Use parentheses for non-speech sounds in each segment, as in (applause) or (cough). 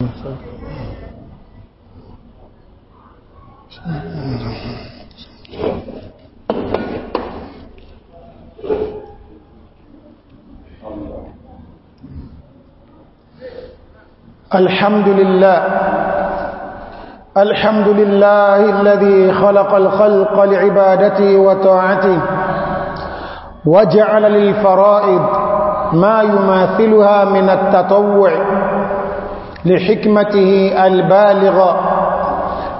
الحمد لله الحمد لله الذي خلق الخلق لعبادته وطاعته وجعل للفرائض ما يماثلها من التطوع لحكمته البالغة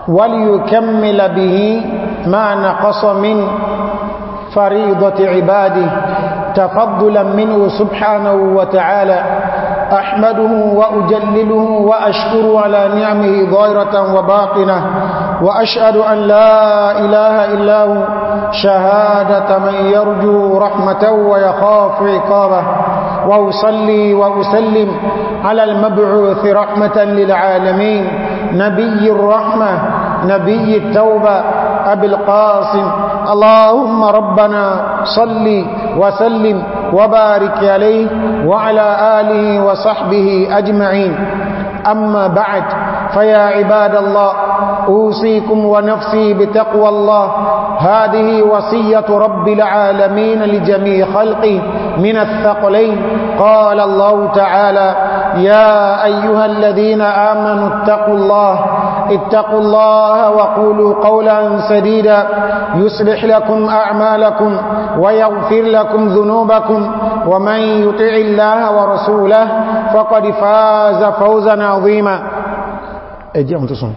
وليكمل به ما نقص من فريضة عباده تفضلا منه سبحانه وتعالى أحمده وأجلله وأشكر على نعمه ظاهرة وباطنة وأشهد أن لا إله إلا هو شهادة من يرجو رحمته ويخاف عقابه وأصلي وأسلم على المبعوث رحمة للعالمين نبي الرحمة نبي التوبة أبي القاسم اللهم ربنا صل وسلم وبارك عليه وعلى آله وصحبه أجمعين أما بعد فيا عباد الله أوصيكم ونفسي بتقوى الله هذه وصية رب العالمين لجميع خلقه من الثقلين قال الله تعالى يا أيها الذين آمنوا اتقوا الله اتقوا الله وقولوا قولا سديدا يصلح لكم أعمالكم ويغفر لكم ذنوبكم ومن يطع الله ورسوله فقد فاز فوزا عظيما اجي انتصم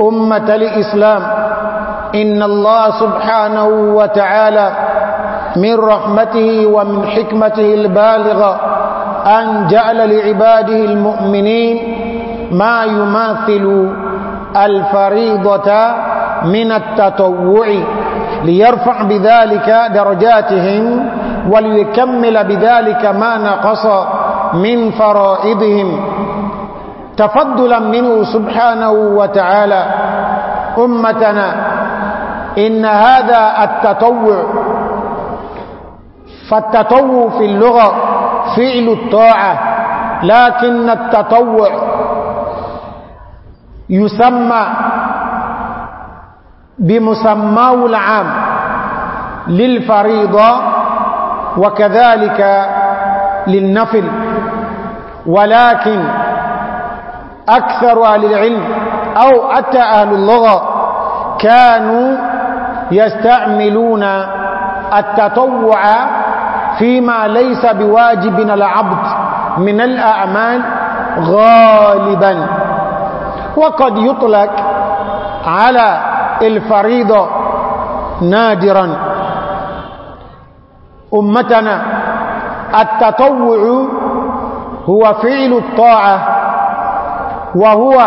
أمة الإسلام إن الله سبحانه وتعالى من رحمته ومن حكمته البالغة أن جعل لعباده المؤمنين ما يماثل الفريضة من التطوع ليرفع بذلك درجاتهم وليكمل بذلك ما نقص من فرائضهم تفضلا منه سبحانه وتعالى أمتنا إن هذا التطوع فالتطوع في اللغة فعل الطاعة لكن التطوع يسمى بمسماه العام للفريضة وكذلك للنفل ولكن أكثر أهل العلم أو أتى أهل اللغة كانوا يستعملون التطوع فيما ليس بواجب العبد من الأعمال غالبا وقد يطلق على الفريضة نادرا أمتنا التطوع هو فعل الطاعة وهو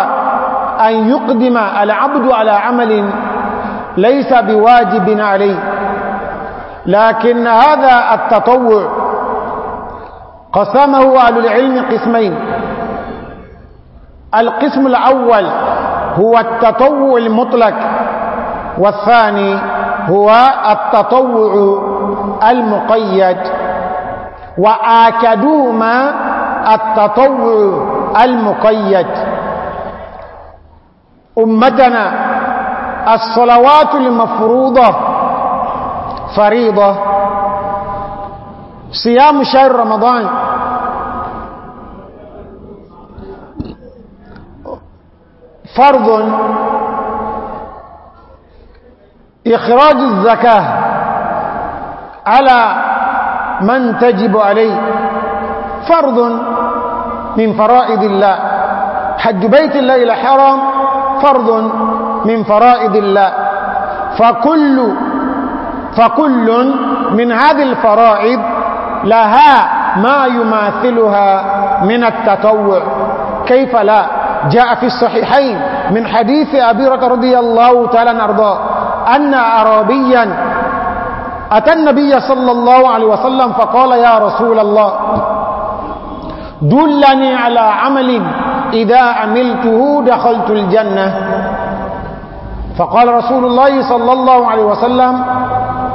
أن يقدم العبد على عمل ليس بواجب عليه لكن هذا التطوع قسمه أهل العلم قسمين القسم الأول هو التطوع المطلق والثاني هو التطوع المقيد وآكدوما التطوع المقيد أمتنا الصلوات المفروضة فريضة صيام شهر رمضان فرض إخراج الزكاة على من تجب عليه فرض من فرائض الله حج بيت الله إلى حرام فرض من فرائض الله فكل فكل من هذه الفرائض لها ما يماثلها من التطوع كيف لا جاء في الصحيحين من حديث أبي رضي الله تعالى أرضاه أن عربيا أتى النبي صلى الله عليه وسلم فقال يا رسول الله دلني على عمل إذا عملته دخلت الجنة فقال رسول الله صلى الله عليه وسلم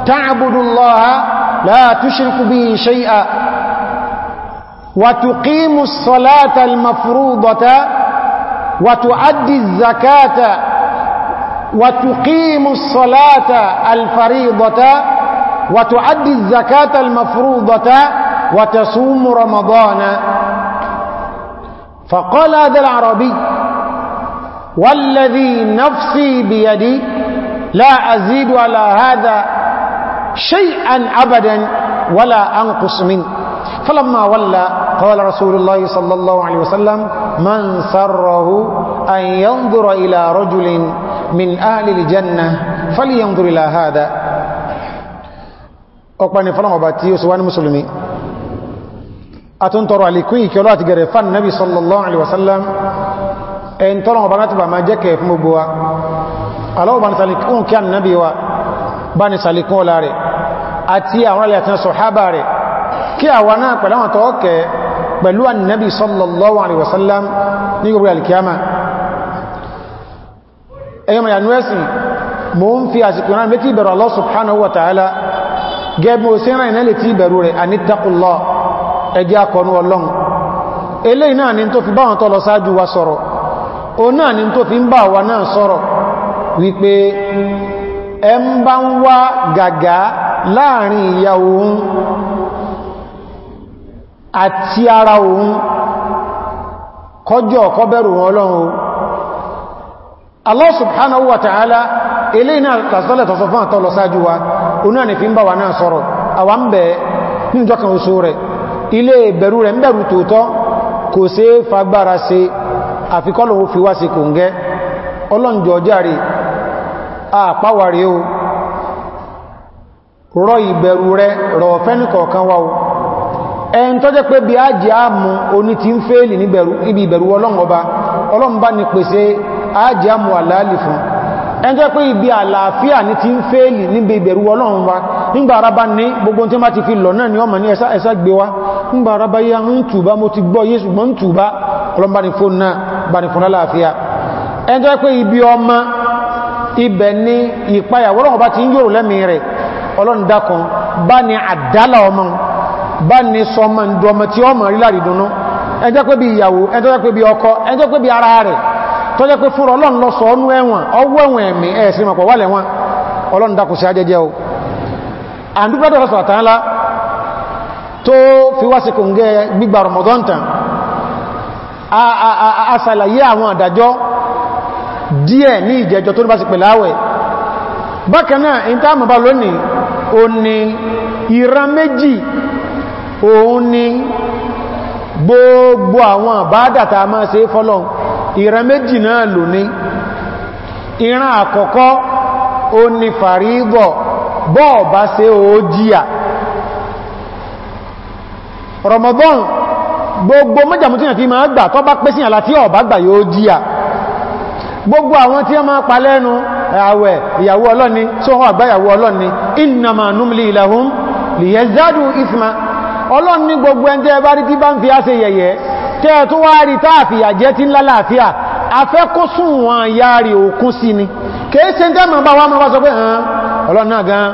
تعبد الله لا تشرك به شيئا وتقيم الصلاة المفروضة وتؤدي الزكاة وتقيم الصلاة الفريضة وتؤدي الزكاة المفروضة وتصوم رمضان فقال هذا العربي والذي نفسي بيدي لا أزيد على هذا شيئا أبدا ولا أنقص منه فلما ولى قال رسول الله صلى الله عليه وسلم من سره أن ينظر إلى رجل من أهل الجنة فلينظر إلى هذا أقبلني فلما باتي وسوان مسلمين àtúntọrọ àlékún ìkẹ́lọ́ àti gẹ̀rẹ̀ fán nábi sallallahu alaihi wasallam ẹn tọ́rọ ọba láti bà máa jẹ́ kẹ fún gbogbo wa aláwọ̀ bá ní sàlékún kí án nábi wa bá ní sàlékún ọlá rẹ̀ àti àwọn alẹ́ àti sọ̀hábà rẹ̀ kí àwa náà pẹ̀lú àwọn tọ́ọ̀kẹ́ pẹ̀lú annabi sallallahu alaihi wasallam ní gbogbo alkiyama ẹ̀yọ́ mai anúẹ́sìn mo ẹjẹ́ akọ̀nú ọlọ́run eléyìí náà ni tó fi báwọn tó lọ sáájú wa sọ̀rọ̀ o náà ni tó fi ń bá wa náà sọ̀rọ̀ wípé ẹ ń bá ń wá gàgá láàrin ìyá òun àti ara òun kọjọ́ ọ̀kọ́ bẹ̀rù wọn ọlọ́run Allah subhanahu wa ta'ala eléyìí náà tàṣọ́lẹ̀ tọ́sọ fún àtọ́lọ sáájú wa o náà ni fi ń bá wa náà sọ̀rọ̀ àwọn bẹ̀ẹ́ níjọ́ kan oṣù rẹ̀ Ile ìbẹ̀rù rẹ̀ ń bẹ̀rù tòótọ́ kò sí fagbára sí àfikọ́lùn fi wá sí kò ń gẹ́ ọlọ́njọ́ járe àpáwàrí o rọ ìbẹ̀rù rẹ̀ rọ̀ wá o ẹn tó pé bí á jẹ́ oní ti ń fèèlì níbi ìbẹ̀rù ọlọ́run pèsè á jẹ́ ẹjọ́ pé ibi àlàáfíà ní ti ń fèèlì níbi ìbẹ̀rù ọlọ́run wa nígbà araba ní gbogbo tí má ti fi lọ náà ni ọmọ ní ẹsá gbé wá nígbà araba yá ń tùbá mo ti gbọ́ yé ṣùgbọ́n ń tùbá ọlọ́mbanifó náà banifó náà láàáfíà ẹjọ́ pé ibi ọmọ ibẹ̀ ní ìpayàwó ọlọ́run bá ti ń yòrò lẹ́mí rẹ̀ ọlọ́run dákan bá ní àdálà ọmọ bá ní sọmọ ìdọmọ tí ọmọ rí láàrídùnú ẹjọ́ pé bí ìyàwó ẹjọ́ tó jẹ́ pé fúnra ọlọ́run lọ sọ ọ́nú ẹ̀wọ̀n ọwọ́ ẹ̀wọ̀n ẹ̀mí ẹ̀ẹ̀sì mọ̀pọ̀ wà lẹ́wọ̀n ọlọ́run dákù sí ajẹ́jẹ́ o àdúgbàdọ̀ ọ̀sọ̀ àtàńlá tó fi wá sí kòǹgẹ́ gbígbà a ṣàlàyé àwọn àdájọ́ díẹ̀ ní ìjẹjọ tó bá sì pẹ̀láwẹ̀ bákanáà in tá mọ̀ bá lónìí o ni ìran méjì òun ni gbogbo àwọn àbádàtà máa ṣe fọ́lọ́un ìran méjì náà lò ní ìran àkọ́kọ́ ó ní fàríbọ̀ bọ́ọ̀ bá ṣe ó jíyà Ramadan gbogbo mọ́jàmú tí yàn fi máa gbà tọ́ bá pẹ́ sí àlá tí ọ̀bá gbà yóò jíyà gbogbo àwọn tí wọ́n máa pa lẹ́nu àwẹ̀ ìyàwó ọlọ́ni sóhọ́ àgbáyàwó ọlọ́ni innama numli lahum liyazdadu ithma ọlọ́ni gbogbo ẹndẹ́ bá rí tí bá ń fi á ṣe yẹ̀yẹ́ tẹ́ tó wá rí táàfìyà jẹ́ tí lálàáfíà afẹ́kọ́sùn wọn ya rí òkun sí ni kèése tẹ́mọ̀ bá wá mọ́ bá sọ pé hàn ọlọ́run náà gan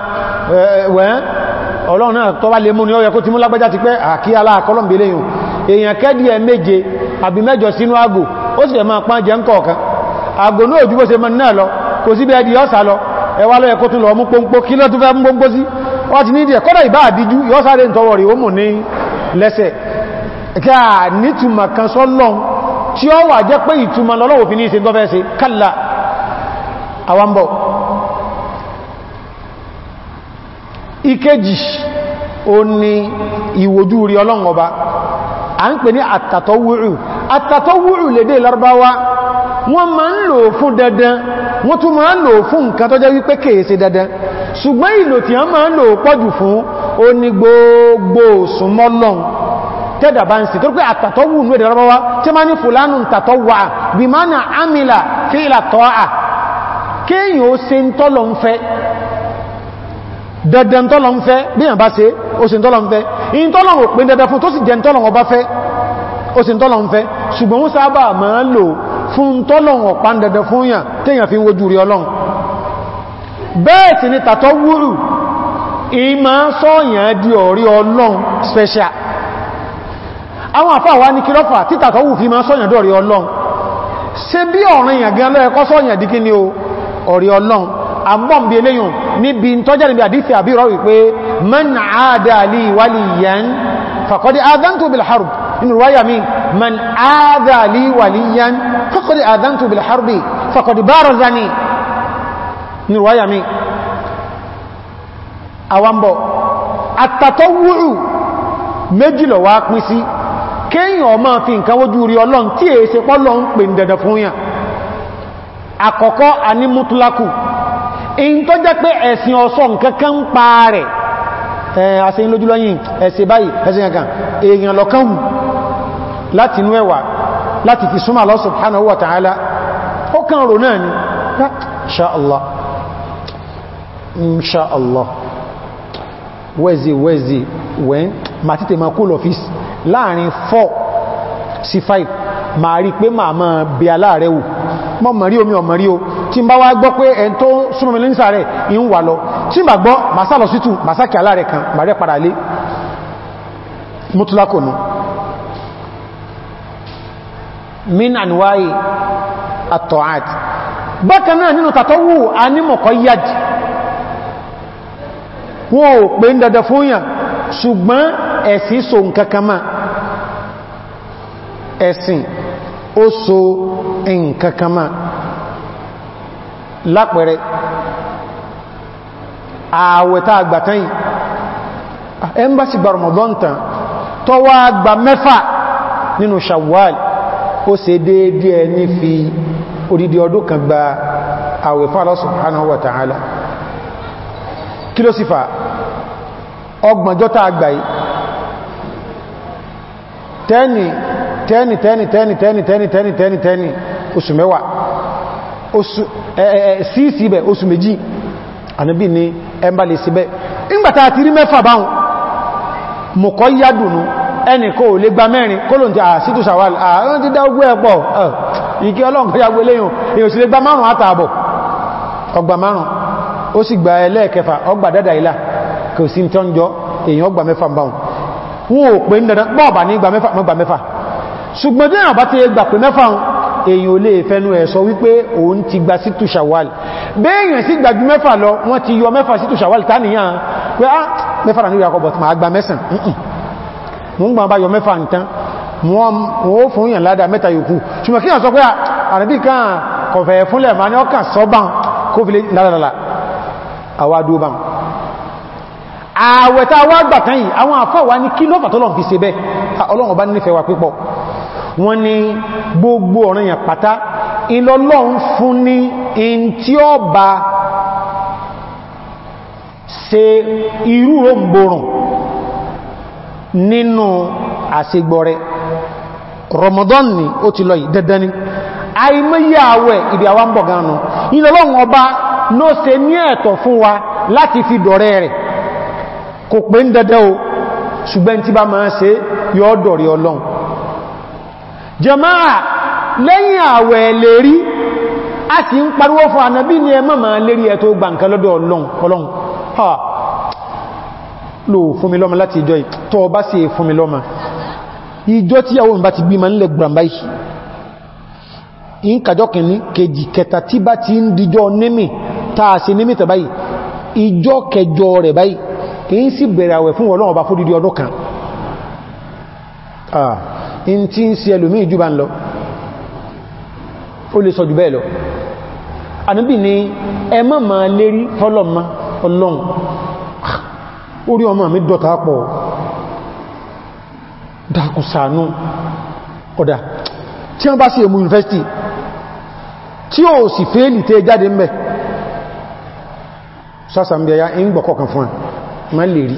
wẹ́n ọlọ́run náà tọ́wà lè mú ní ọyẹ kó ti mú lágbájá ti pẹ́ àkí aláàkọ́lọ́mbélé yùn èèyàn kẹ́dí ẹ méje àbí mẹ́jọ sínú àgò ó sì fẹ́ máa pán jẹ ń kọ̀ọ̀kan lọ kò tún lọ mú pọ́npọ́ kí lọ́tún fẹ́ mú pọ́npọ́ sí wọ́n ti ní ìdí ẹ̀kọ́dọ̀ ìbá àdíjú yọ́sáré ń tọwọ́ rí ó mù ní lẹ́sẹ̀ káà nítùmà kan sọ́lọ́n tí ó wà jẹ́ pé ìtùmà lọ́lọ́wò fi ní ìṣe gọ́fẹ́ sí kálà àwambọ̀ ìkejì ó ní ìwòjú rí ọlọ́run a ń pè ní àtàtọ̀wúrù àtàtọ̀wúrù lédè Lárúbáwá wọ́n ma ń lò fún dandan wọ́n tún ma ń lò fún nǹkan tó jẹ́ wípé kèèsè dandan ṣùgbọ́n ìlò tí a ma ń lò pọ̀jù fún ó ní gbogbo súnmọ́lọ́run tẹ́dà bá ń sì torípé àtàtọ́wù ní èdè rọ́bọ́wá tí ma ní fòlánù tàtọ́wà bí má na ámìlà fi ìlàtọ́ à kéèyàn ó se ń tọ́lọ ń fẹ́ dandan tọ́lọ ń fẹ́ bí yàn bá se ó se ń tọ́lọ ń fẹ́ in tọ́lọ ò pín dandan fún tó sì jẹ tọ́lọ ìmá sọ́yàn di ọ̀rí ọlọ́run special àwọn àfáà wá ní kírọ́fà títà tó wù fi máa sọ́yàn dọ̀rí ọlọ́run ṣe bí ọ̀rìn ìyàgán lọ́yẹ kọ́ sọ́yàn dí kí ni o ọ̀rí ọlọ́run àbọ̀m bí eléyùn níbi tọ́jẹ́ níbi àdífẹ́ àbírọ̀ wípé man àádáàlì waliyan fàkọ́dí àdántu bilharb inú wáyà mi man àádáàlì waliyan fàkọ́dí àdántu méjìlọ̀ wá pín sí kéèyàn máa fi nǹkan wójú rí ọlọ́run tí è ṣe pọ́lọ́ ń pè dẹ̀dẹ̀ fún yàn àkọ́kọ́ a ní mútúlákù in tó jẹ́ pé ẹ̀sìn ọ̀sọ́ nǹkankan ń pa rẹ̀ ẹ̀ẹ́sìn lójúlọ́yìn ẹ̀sìn báyìí ẹ̀sìn kankan èèyàn lọ́kàn hù láti inú ẹwà láti ta'ala ó kàn rò náà ni inshallah inshallah wẹ́zi wẹ́zi wẹ́n ma títẹ̀ ma láàrin 4 sí 5 ma rí pé ma mọ́ bí aláàrẹ wò mọ́ mọ̀ rí omi ọmọ rí o tí n bá wá gbọ́ pé ẹn tó súnmọ́ mi lẹ́nìsà rẹ̀ in wà lọ tí n bá gbọ́ ma sá lọ sí tù ma sákì kan ma padà lé mútúlákònú min anwai at bákan náà nínú tàtọ́wò anímọ̀kọ́ yájì wọ́n ò pé ń dada fún yàn ṣùgbọ́n ẹ̀sìn so nǹkan máa ẹ̀sìn ó so nkankanma lápẹẹrẹ ààwẹ̀ta àgbàtán yìí ẹmbásí gba Ramadan tán tó wá gba mẹ́fà nínú Shawwal ó ṣe déédé ẹni fi odidi ọdún kan gba ààwẹ̀ fún Allah subhanahu kí ló sì fà ọgbọ̀njọ́ tá tẹ́ni tẹ́ni tẹ́ni tẹ́ni tẹ́ni tẹ́ni tẹ́ni tẹ́ni tẹ́ni oṣù mẹ́wàá oṣù sí síbẹ̀ oṣù méjì ànábì ní ẹmbà lè síbẹ̀ ìgbàtà àti rí mẹ́fà báhùn mọ̀kọ́ yádùnú ẹni kó lè gba mẹ́rin kó ló ń ti àṣítù sàwàlì àwọn ti dá ogbó ẹ̀pọ̀ ìkí ọlọ́run wọn ò pè ń dandan pọ́ọ̀bà ní ìgbà mẹ́fà mẹ́fà ṣùgbọ́n tí ìrìnàbá ti gbà pé mẹ́fà èyàn olè fẹ́nu ẹ̀ sọ wípé òun ti gba sí tùṣàwàl béèyàn sí gbàjú mẹ́fà lọ wọ́n ti yọ mẹ́fà sí tùṣàwàl tánìyàn pé á ah, mẹ́fà ní ìyàkọ̀bọ̀ tí ma gba mẹ́sàn mú gbà bá yọ mẹ́fà nìtán wọ́n ó fún yàn ládà mẹ́ta yòókù ṣùgbọ́n kí yàn sọ pé ah, àrẹ́bí kan kọ̀fẹ̀ fúnlẹ̀ ma ní àwẹ̀ta wá gbà kan yìí àwọn àfáwà ní kí lọ́fà tọ́lọ̀ fi ṣe bẹ́ ah, ọlọ́run bá nífẹ̀ẹ́ wa pípọ̀ wọ́n ní gbogbo ọ̀rọ̀ yẹn pátá ìlọ́lọ́ ń fún ní in tí ó bá ṣe irú rọ̀mborùn nínú àṣegbọ́rẹ Ramadan ni ó ti lọ yìí dandan ni àìmọ́yà àwẹ̀ ìdí àwọn bọ̀ ganu ìlọ́lọ́ ọba ló ṣe ní ẹ̀tọ́ fún wa láti fi dọ̀rẹ́ rẹ̀ kò pé ń dandan o ṣùgbọ́n tí bá máa ṣe yọ́ dọ̀rẹ́ ọlọ́run jama'a lẹ́yìn àwẹ̀ lérí a sì ń pariwo fún ànàbí ní ẹmọ́ ma lérí ẹ̀ tó gbà nǹkan lọ́dọ̀ ọlọ́run ha lò fún mi lọ́mọ láti ìjọ tó bá sì fún mi lọ́mọ ìjọ tí yàwó mi bá ti gbímọ̀ nílẹ̀ gbàmbáyì in kàjọ́ kìíní kejì kẹta tí bá ti ń ah in tí ń sí ẹlòmí ìjúbà ń lọ ó lè sọ jù bẹ́ẹ̀ lọ ànábì ni ẹ má ma lérí fọ́lọ́mà ọlọ́run ah, orí ọmọ mi dọ̀ta pọ̀ dákùsànú ọ̀dá tí wọ́n bá sí èmú university tí ó sì fèèlì tẹ́ jáde mẹ́ sásàmbẹ̀yà ń gbọ̀kọ̀ kan fún ẹ̀ má lè rí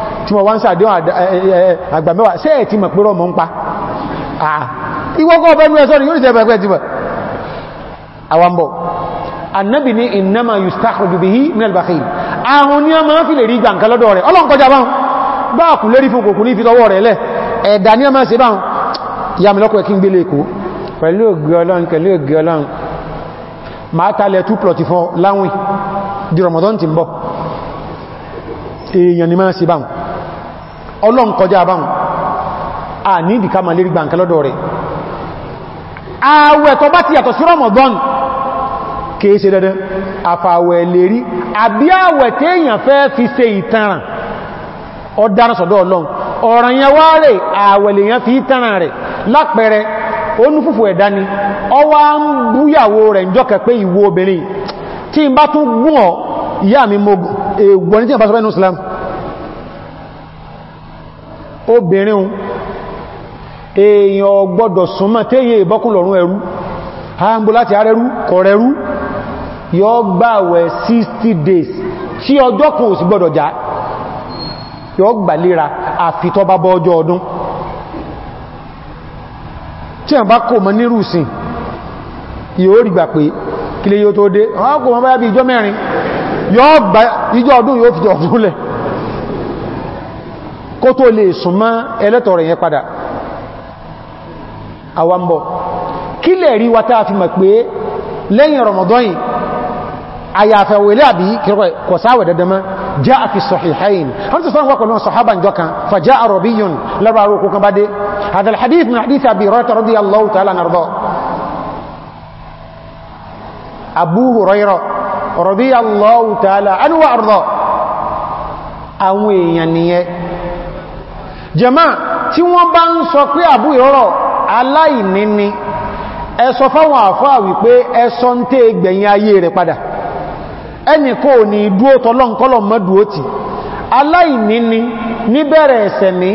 tí wọ́n wá ń sàdéhùn àgbà mẹ́wàá ṣé ẹ̀ ti mọ̀ pé rọ́mọ ń pa ìwọ́kọ́ ọ̀fẹ́ mú ẹ̀sọ́rì yóò jẹ́ pẹ̀pẹ́ ti mọ̀ àwambọ̀ annabi ni innama yustakhraju bihi min al-bakhil àwọn ni a máa fi lè rí gbà nǹkan lọ́dọ̀ rẹ̀ ọlọ́n kọjá báhùn bá kù lérí fún kòkù ní ìfitọwọ́ rẹ̀ lẹ́ ẹ̀dà ni a máa ṣe báhùn yàmìlọ́kọ̀ ẹ̀kí ń gbélé èkó pẹ̀lú ògbé ọlọ́run pẹ̀lú ògbé ọlọ́run máa talẹ̀ 2 plọ̀tì ọlọ́n kọjá báhùn a ní ìdíká ma lérí gbà nkẹlọ́dọ̀ rẹ̀ ààwẹ̀ tó bá ti yàtọ̀ sí Ramadan kìí ṣe dandan àfàwẹ̀ lérí àbí ààwẹ̀ téèyàn fẹ́ fi ṣe ìtanràn ọ̀daràn sọ̀dọ̀ ọlọ́n ọ̀ràn yẹn wá rẹ̀ ààwẹ̀ lèyàn fi ìtanràn rẹ̀ lápẹẹrẹ mo èèwọ̀ ní tí ìfàṣọ́fẹ́ obìnrin un èèyàn gbọ́dọ̀ súnmọ́ téyè ìbọ́kùnlọ̀rún ẹrú ààbò láti arẹrú kọrẹrú yọ gbàwẹ̀ 60 days tí ọjọ́ kan ò sí gbọ́dọ̀ já yọ gbàlera àfitọ́bá ọjọ́ ọdún tí a bá kò mọ́ yóò rí gbà pé kílé yóò tó dé bí ìjọ mẹ́rin gbà ìjọ ọdún yóò fi jọ ọdún koto lè suma ẹlẹ́tọ̀ rẹ̀ yẹn padà àwambọ̀ kile ri wa ta fi mọ̀ pé lẹ́yìn ramadan yin aya rọmọdọ́yìn àyàfẹ̀wẹ̀lẹ́ àbí ko kọ̀sáwẹ̀ dandamá já a fi sahihain wọ́n tó sọ́n wọ́kọ̀ lọ́n sọ̀hábà jọkan fàjá la ba lábàrò kó kan bade hada al hadith min hadith abi hurairah radiyallahu ta'ala anhu abu hurairah radiyallahu ta'ala anhu wa arda àwọn eyan niyan jẹ̀má tí wọ́n bá ń sọ pé àbú ìrọ́rọ̀ aláìní ni ẹsọ fáwọn àfáà wípé ẹsọ ń tẹ́ gbẹ̀yìn ayé rẹ̀ padà ẹni kò ní dúó tọ́lọ́nkọ́lọ̀ mọ́dúó ti aláìní ni níbẹ̀rẹ̀ ẹ̀sẹ̀ ní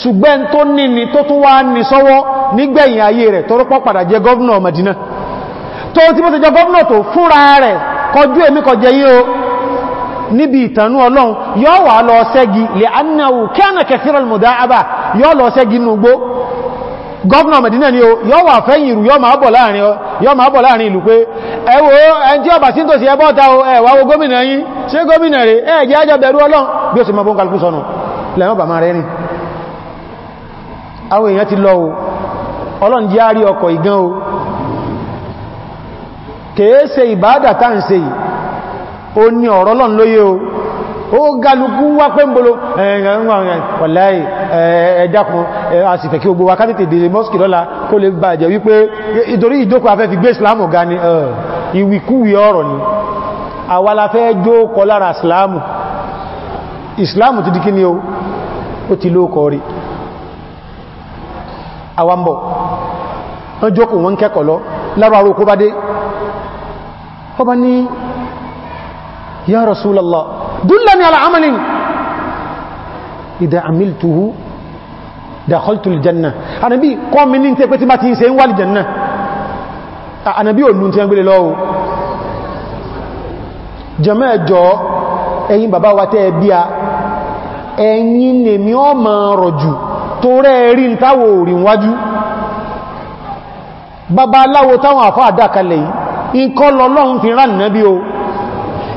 ṣùgbẹ́n tó níni tó tún wá ní sọ́wọ́ nígbẹ̀yìn ayé rẹ̀ tó rọ́pọ̀ padà jẹ gọ́vnà Madina tó ti mọ́ ti jẹ gọ́vnà tó fúnra rẹ̀ níbi ìtànú ọlọ́run yóò wà lọ ṣẹ́gi lè annáwò kẹ́nà kẹfìrọ mọ̀dá àbá yóò lọ ṣẹ́gi núgbó gọ́ọ̀nà Mẹ̀dínà ni yóò wà fẹ́yìn ìrù yọọ ma bọ̀ láàrin ìlú pé ẹwọ ẹn tí ọba síntòsí gómìnà yìí ṣe gómìnà rẹ̀ ajọ́ bẹ̀rú ọlọ́run bí ó mọ́ o ó ní ọ̀rọ̀ lọ́n lóyé o ó galùkú wá pé ń bolo wàláì ẹ̀dàkùn àsìfẹ́ kí ogbò wa islamu ga ni ìwìkúwì ọ̀rọ̀ ni àwàlàfẹ́ jókọ islamu islamu ti di kí ni o ó ti lóòkọ rí àwambọ̀ يا رسول الله دلني على عمل إذا عملته دخلت الجنة النبي قوم من انت كنت ما تنسين والجنة النبي قول من تنقل له جماعة جو ẹ̀yin bàbá wa tẹ́ bí a ẹ̀yin lèmi ọ ma rọ̀jù tó rẹ̀ rí ń táwò òrìn wájú bàbá aláwo táwọn àfá àdákalẹ̀ yìí ń kọ́ lọ́lọ́run fi rán nàbí o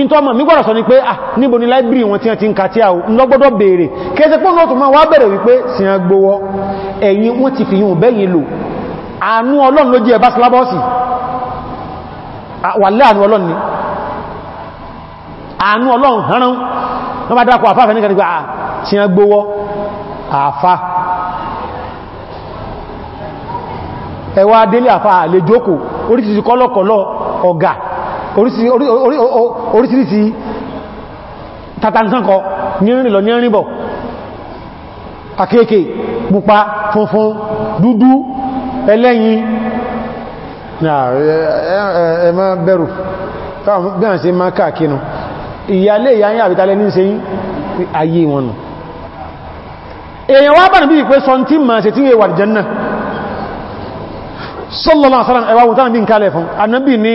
in tó mọ̀ mí gbọ́rọ̀ sọ ni pé ah níbo ni láìbírì wọn tí wọ́n ti ń kàtí àwọ̀ lọ́gbọ́dọ̀ bèèrè kẹsẹ̀ pọ́n náà tó máa wá bẹ̀rẹ̀ wípé sí a gbówọ́ ẹ̀yìn wọ́n ti fi yíò bẹ́yìn lò àánú ọlọ́run ló jẹ́ ni àánú ọlọ́run hánrán wọ́n bá dákọ̀ àfáfẹ́ nígbà nígbà tí a gbówọ́ àfá ẹwà délé àfá àlejòkó oríṣìí kọ́lọ̀kọ́lọ̀ ọ̀gá orísìírísìí tatankankọ nírin lọ nírin bọ̀ akéèkè pupa funfun dúdú ẹlẹ́yin ẹ̀mọ́ bẹ̀rù bí a ṣe máa káàkínú ìyálé ìyáyí àbítalẹ́ ní ṣe ayé wọn nù èèyàn wá bàrùn bí i pé sọ tí ma ṣe tí yẹ wà jẹ́ náà sallallahu alaihi wasallam ẹwà wùtánà bí n kálẹ̀ fún anábì ní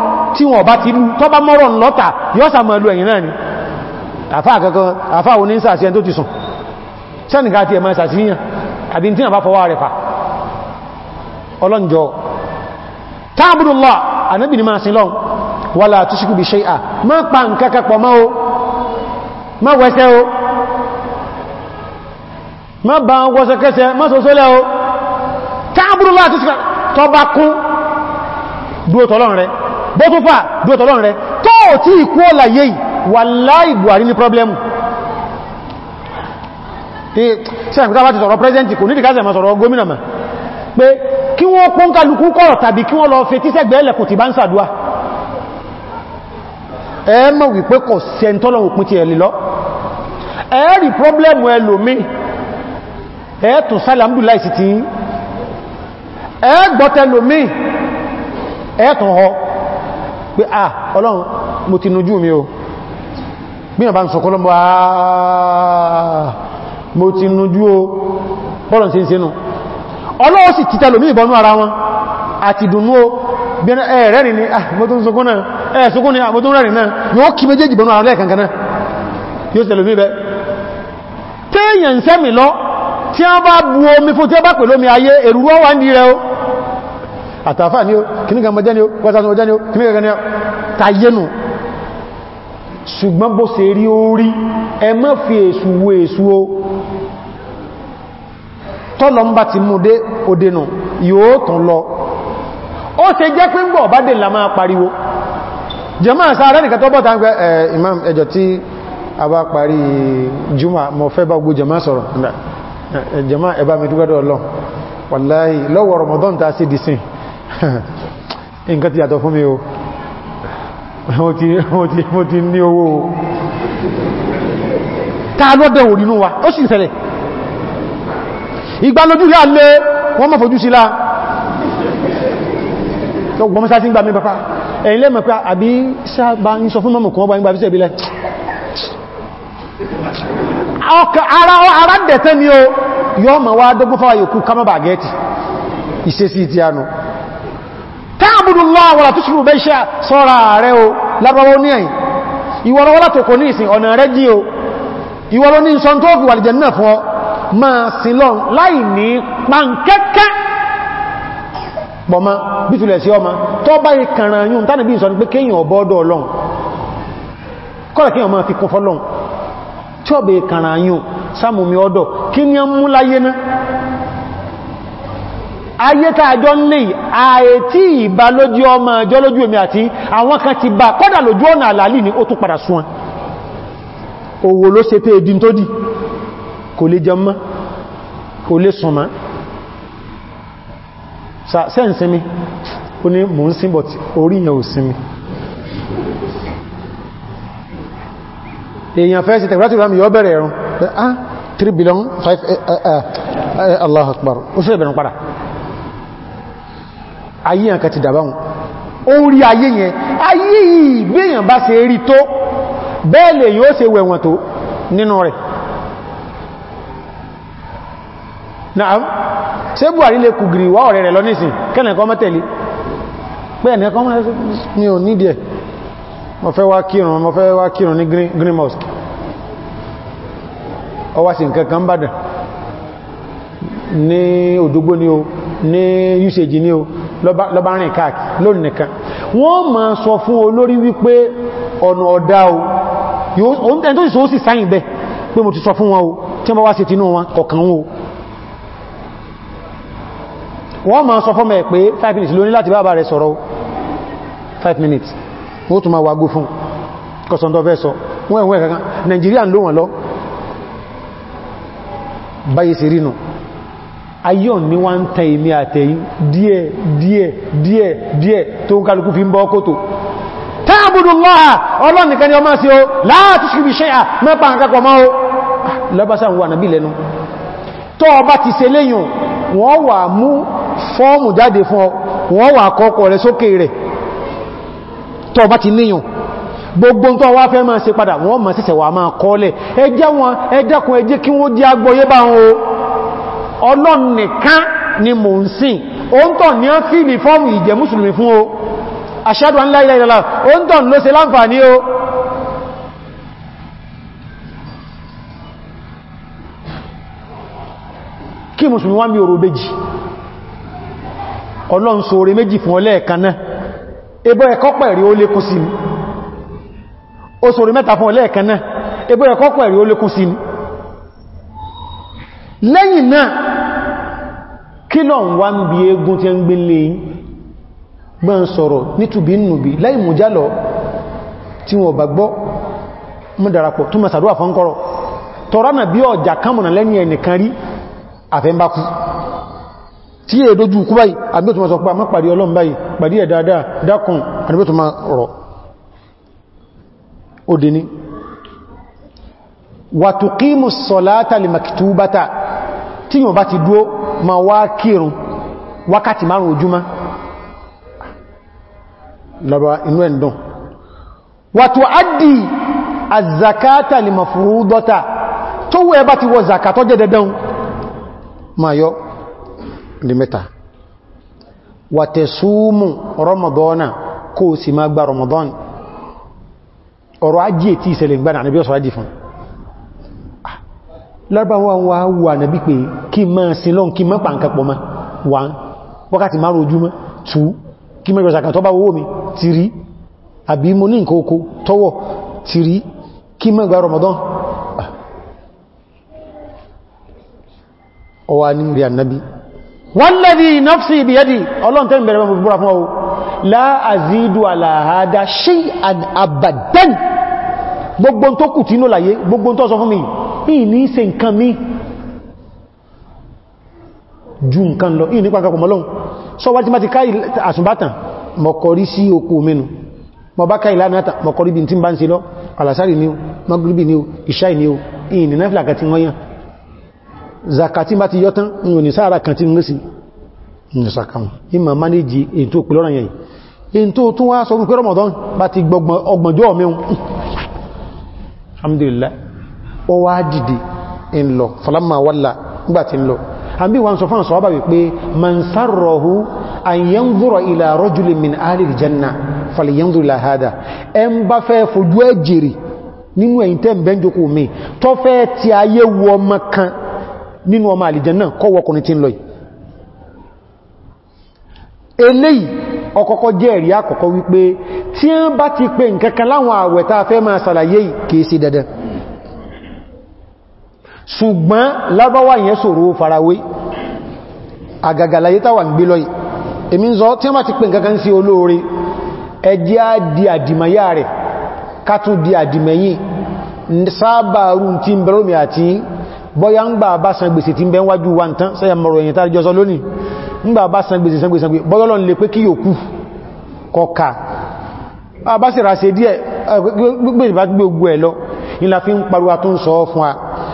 tí wọ́n bá ti tọ́ bá mọ́rọ̀ ń lọ́ta yọ́ sàmọ́ ẹlú ẹ̀yìn náà ni àfá kankan àfá òní ń sàṣẹ́ tó ti sùn sẹ́nìká ti ẹ̀mọ́ sàṣíyàn àbí tí wọ́n bá fọwọ́ rẹ̀ fà ọlọ́njọ́ ta'budullah ànábì ni máa sin lọ́n wala tushriku bi shay'a má pa nǹkan kan pọ̀ mọ́ o má wẹsẹ̀ o má bá wọ́sẹ̀kẹsẹ̀ má sọ́sọ́lẹ̀ o ta'budullah àti rẹ̀ bó tún fà bí ọ̀tọ̀lọ́run rẹ tó tí ìkú ọ̀láyé wàláhì Buhari ní pọ́blẹ́mù pé kí wọ́n pọ́n kálukú kọ̀rọ̀ tàbí kí wọ́n lọ fẹ́ tíṣẹ́gbẹ̀ ẹlẹ̀kùn ti bá ń sàdúwà ẹ mọ̀ wípé kọ̀ sẹ́ntọ́lọ̀ òpin ti ẹ̀lì lọ ẹ̀ẹ́rì pọ́blẹ́mù ẹlòmí ẹ̀ẹ́tù sálàmùdù láìsì tí ẹ̀ẹ́gbọ́tẹ̀lòmí ẹ̀ẹ́tù họ pé ah ọlọ́run mo ti nojú mi o bí wọ́n bá ń sọ kọ́lọ́mọ́ ah, mo ti nojú o bọ́lọ̀ se sínú ọlọ́wọ́ sì títà lómi ìbọnú ara wọn àti dùnú o bí ẹ̀rẹ́rin eh, ni ah mo tún sọkún náà ẹ̀ẹ́sọkún eh, ni ah mo tún rẹ̀rin náà yóò kí méjèèjì bọnú ara lẹ́ẹ̀kankan náà yóò sì lómi bẹ́ téèyàn sẹ́mì lọ tí wọ́n bá bu omi fún tí wọ́n bá pẹ̀lú omi ayé èrú wọ́n àtàfà ní ó kìníkà mọ̀jẹ́ ní ó pàtàkì mọ̀jẹ́ ní ó kìníkà ní ó tayénu ṣùgbọ́n bó ṣe rí orí ẹ mọ́ fi èṣù wo èṣù o tọ́lọ ń bá ti mú dé òdènà yóò tàn lọ ó ṣe jẹ́ pé ń bọ̀ bá dè lámá pariwo jẹmọ́ àṣà rẹ̀ nìkan tó bọ̀ tán pẹ́ imam ẹjọ́ tí a bá parí jùmọ́ mọ̀ fẹ́ bá gbogbo jẹmọ́ sọ̀rọ̀ jẹmọ́ ẹbá mi dúgbẹ́dọ̀ lọ wàláhì lọ́wọ́ Ramadan ta sí disin (laughs) nǹkan ti yàtọ̀ fún mi o mo ti ní owó o ta lọ́dẹ̀ ò nínú wa ó sì ṣẹlẹ̀ ìgbà lójú rí alẹ́ wọ́n mọ́ fojú sí lá wọ́n sá sí ń gbà mí pápá ẹ̀yìn lẹ́mọ̀ pé àbí sáàbá ń sọ fún mọ́mù kan bá ń gbà bí sẹ́bílẹ̀ ara dẹ̀tẹ́ ni o yọ́ ma wá dọ́gbọ́n fáwà yòókù kámọ́bà gẹ́ẹ̀tì ìṣesí ti ànú àbúrú lọ́wọ́ tó ṣùgbọ́n bẹ́ iṣẹ́ sọ́ra rẹ̀ o lárọwọ́ ní ẹ̀yìn ìwọ̀rọ̀wọ́ látòkò ní ìsìn ọ̀nà rẹ̀ jí o ìwọ̀rọ̀ ní ìṣọ́n tó fi wàlìjẹ̀ náà fún ọ máa sin lọ láì ní pàǹkẹ́kẹ́ pọ̀má bí tulẹ̀ sí ọmọ tó bá ìkànràn yún tánàbí ìsọ́ni pé kéyàn ọ̀bọ́dọ̀ ọlọ́run kọ́lẹ̀ kéyàn fi kún fọ́lọ́run tí ọ̀bẹ̀ ìkànràn yún sáàmùmí ọdọ̀ kí ni a láyé náà ayé tààjọ́ ń lè àyètí ìbá lójú ọmọ ẹjọ́ lójú èmì àti àwọn kan ti bá kọ́dà lójú ọ̀nà àlàálì ní ó tún padà sún owó ló ṣe pé èdí tó dì kò lè jẹ mọ́ kò lè sùn mọ́ sẹ́ǹsinmi ó ní mò ń sínbọ̀ tí orí yẹn ò sinmi èèyàn fẹ́ sí tẹ̀gbàtí 3 billion 5 eh, eh, eh, Allah akbar ó fẹ́ bẹ̀rẹ̀ padà ayé yàn kan ti dàbáhùn orí ayé yẹn ayé yìí bá se rí tó bẹ́ẹ̀lẹ̀ yóò ṣe wẹ̀wọ̀n tó nínú rẹ̀ náà ṣe buhari lè kùgìrì wá ọ̀rẹ́ rẹ̀ lọ nísìn ní green, green mosque o ní usage o lọ́bá rìn káàkì lónìí nìkan wọ́n ma sọ fún olórí wípé ọ̀nà ọ̀dá o ẹni tó sì sọ sí sáyìn bẹ́ pé mo ti sọ fún wọn o tí wọ́n wá sí tinú wọn kọ̀kan o wọ́n ma sọ fún mẹ́ pé 5 minutes lóní láti bá rẹ̀ sọ̀rọ̀ 5 minutes ó tún ma wagó fún kọsọ̀ndọ̀ fẹ́ sọ wọ́n ẹ̀wọ́n ẹ̀kankan Nàìjíríà ń lò wọ́n lọ báyìí sí rínú ayọ́n ni wá ń tẹ ìmí àtẹ̀yìn díẹ̀ díẹ̀ díẹ̀ díẹ̀ tó ń kálukú fi ń bọ́ kòtò táàbùdù lọ́ha ọlọ́nìkan ni ọmọ sí o láti ṣíbi ṣe mẹ́pa àkàkọ̀ mọ́ o ah, lọ́bàṣà ń wà nàbí lẹ́nu tó ọba ti ṣe léyìn wọ́n wà mú fọ́ọ̀mù jáde fún ọ wọ́n wà kọ́kọ́ rẹ̀ sókè rẹ̀ tó ọba ti léyìn gbogbo tó wá fẹ́ máa ṣe padà wọ́n máa ṣẹ̀ṣẹ̀ wà máa kọ́ọ́lẹ̀ ẹjẹ́ wọn ẹjẹ́kùn ẹjẹ́ kí wọ́n jẹ́ agbọ́yé bá wọn o ọlọ́n nìkan ni mò ń sìn ní ó fi ní fọ́mù ìjẹ̀ mùsùlùmí fún o ashadu an la ilaha ló o kí mùsùlùmí wá ní òrò méjì ọlọ́n sóre méjì fún ọlẹ́ẹ̀kan ẹ̀kọ́ pẹ̀rí ó lékún sí fún lẹ́yìn náà kí lọ wá ń bí egun tí ń gbé lè gbọ́ ń sọ̀rọ̀ nítùbí nùbí lẹ́yìn mú jálọ tí wọ́n bá gbọ́ mú darapọ̀ tó mẹ́sàdúwà fún tọ́rọ náà bí ọjà kánmùnà lẹ́yìn ẹnìkan rí àfẹ́mbákú tí è dojú kú báyìí àbí tí yíò bá ti dúó ma wá kírun wákàtí márùn ojúmọ́ lọ́rọ̀ inú ẹ̀ndùn wàtò àdì àzàkátà lè mọ̀ fún dọ́ta tó wọ́ ẹbá ti wọ zàkátọ́ jẹ́ dẹ̀dẹ̀un ma yọ lè mẹ́ta wàtẹ̀ súnmù rọmọdọ́nà kó sì má gba rọmọdọ́n ọ̀rọ̀ ajé tí ìṣẹ̀lẹ̀ gbá lárúbáwá wa wà nàbí pé kí máa sin lọ́n kí máa pàǹkàpọ̀ ma wà wákàtí márùn ojúmọ́ tú kí mẹ́rin ọ̀sàkà tọ́bá owó mi ti rí àbí mo ní nǹkan oko tọ́wọ̀ ti rí kí máa gba Ramadan ọwà ah. ní rí ànábí walladhi nafsi biyadi ọlọ́n tẹ́ bẹ̀rẹ̀ mọ̀ búra fún ọ la azidu ala gbogbo tó kù tínú láyé gbogbo tó sọ fún mi ìní ṣe nǹkan mi ju nǹkan lọ ìní pàkàkọ̀ mọ́lọ́un sọ wájí má ti ká àsùnbátàn mọ̀kọ̀rí sí okú mẹ́nu mọ̀ bá ká ìlànàtà mọ̀kọ̀rí bí tí ń bá ń ṣe lọ alásárì ni ó magribi ni ó ìṣáì ni ó ìní náfìlà kan tí wọ́n yàn zakati bá ti alhamdulillah ó wá dìde ń lọ falamma walla nígbàtí ń lọ àbí wọn sọ fún sọ́wọ́bà wípé man sarrahu an yanzura ila rajulin min alil janna falyanzur ila hada ẹn bá fẹ́ fojú ẹ jèrè nínú ẹ̀yin tẹ́ bẹ́njókò mi tó fẹ́ ti ayé wọ ọmọ kan nínú ọmọ àlìjànnà kọ́ wọkùnrin tí ń lọ yìí eléyìí ọkọ̀kọ́ jẹ́ ẹ̀rí àkọ́kọ́ wípé tí wọ́n bá ti pè nǹkankan láwọn àwẹ̀ fẹ́ máa ṣàlàyé kìí sí dandan ṣùgbọ́n lábáwà yẹn sọ̀rọ̀ farawé àgàgàlàyé tàwà ń gbé lọ́yìn èmi ń zọ tí wọ́n bá ti pè nǹkan sí olóore ẹjẹ́ á di àdìmọ̀yá rẹ̀ kátún di àdìmẹ̀yìn sáàbàrù tí ń bẹ̀rọ̀mì àti bọ́yá ń gbà bá san gbèsè tí ń bẹ wájú wa ń tán ìlàfin pariwa tó ń sọ fún a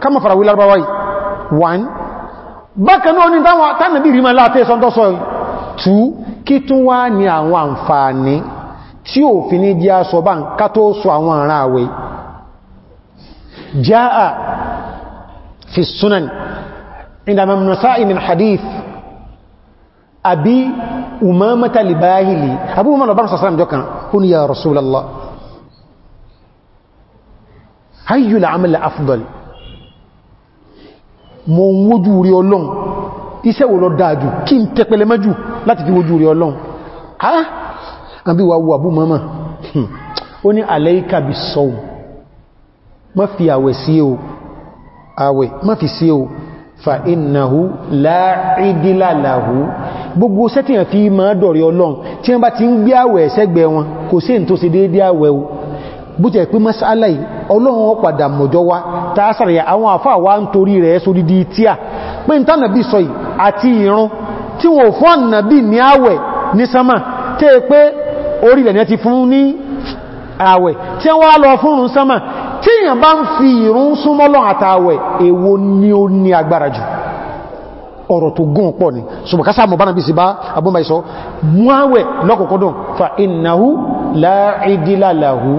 kama farawí larabawa yìí one bákan náà ní tánàbí rí ma láàtẹ́ sọ́ntọ́ sọ two kí tún wá ní àwọn àǹfààní tí ò fi ní jẹ́ aṣọ bá ń ká tó sọ àwọn àrán àwẹ̀ jáà fi sunan ìdàmà nasa'i min hadith afdal mo ń wójú rí ọlọ́run iṣẹ́ wo lọ dáadù kí n tẹpẹlẹ mẹ́jù láti fi wójú rí ọlọ́run ah àbí wà wà bú mọ́mà ó ní àlẹ́íkà bí sọ́wọ́ má fi àwẹ̀ sí o àwẹ̀ má fi sí o fa innahu láìdílàláhù gbogbo sẹ́tìyàn fi máa dọ̀rí ọlọ́run tí wọ́n bá ti ń gbé àwẹ̀ sẹ́gbẹ̀ wọn kò sí ní déédé àwẹ̀ o bó jẹ́ pé masala yìí ọlọ́run padà mọ̀jọ́ wá àwọn àfáà wá ń torí rẹ̀ sórí di tí à pé n tánàbí sọ yìí àti ìrún tí wọ́n fún ànàbí ní àwẹ̀ ní sánmà tí è pé orílẹ̀ ti fún ní àwẹ̀ tí wọ́n lọ ọ̀rọ̀ tó gùn pọ̀ ni ṣùgbọ́n kásá mọ̀ bánàbí sí bá abúmà ìsọ́ múáwẹ̀ lọ́kọ̀kọ́dùn fa innahu la idila lahu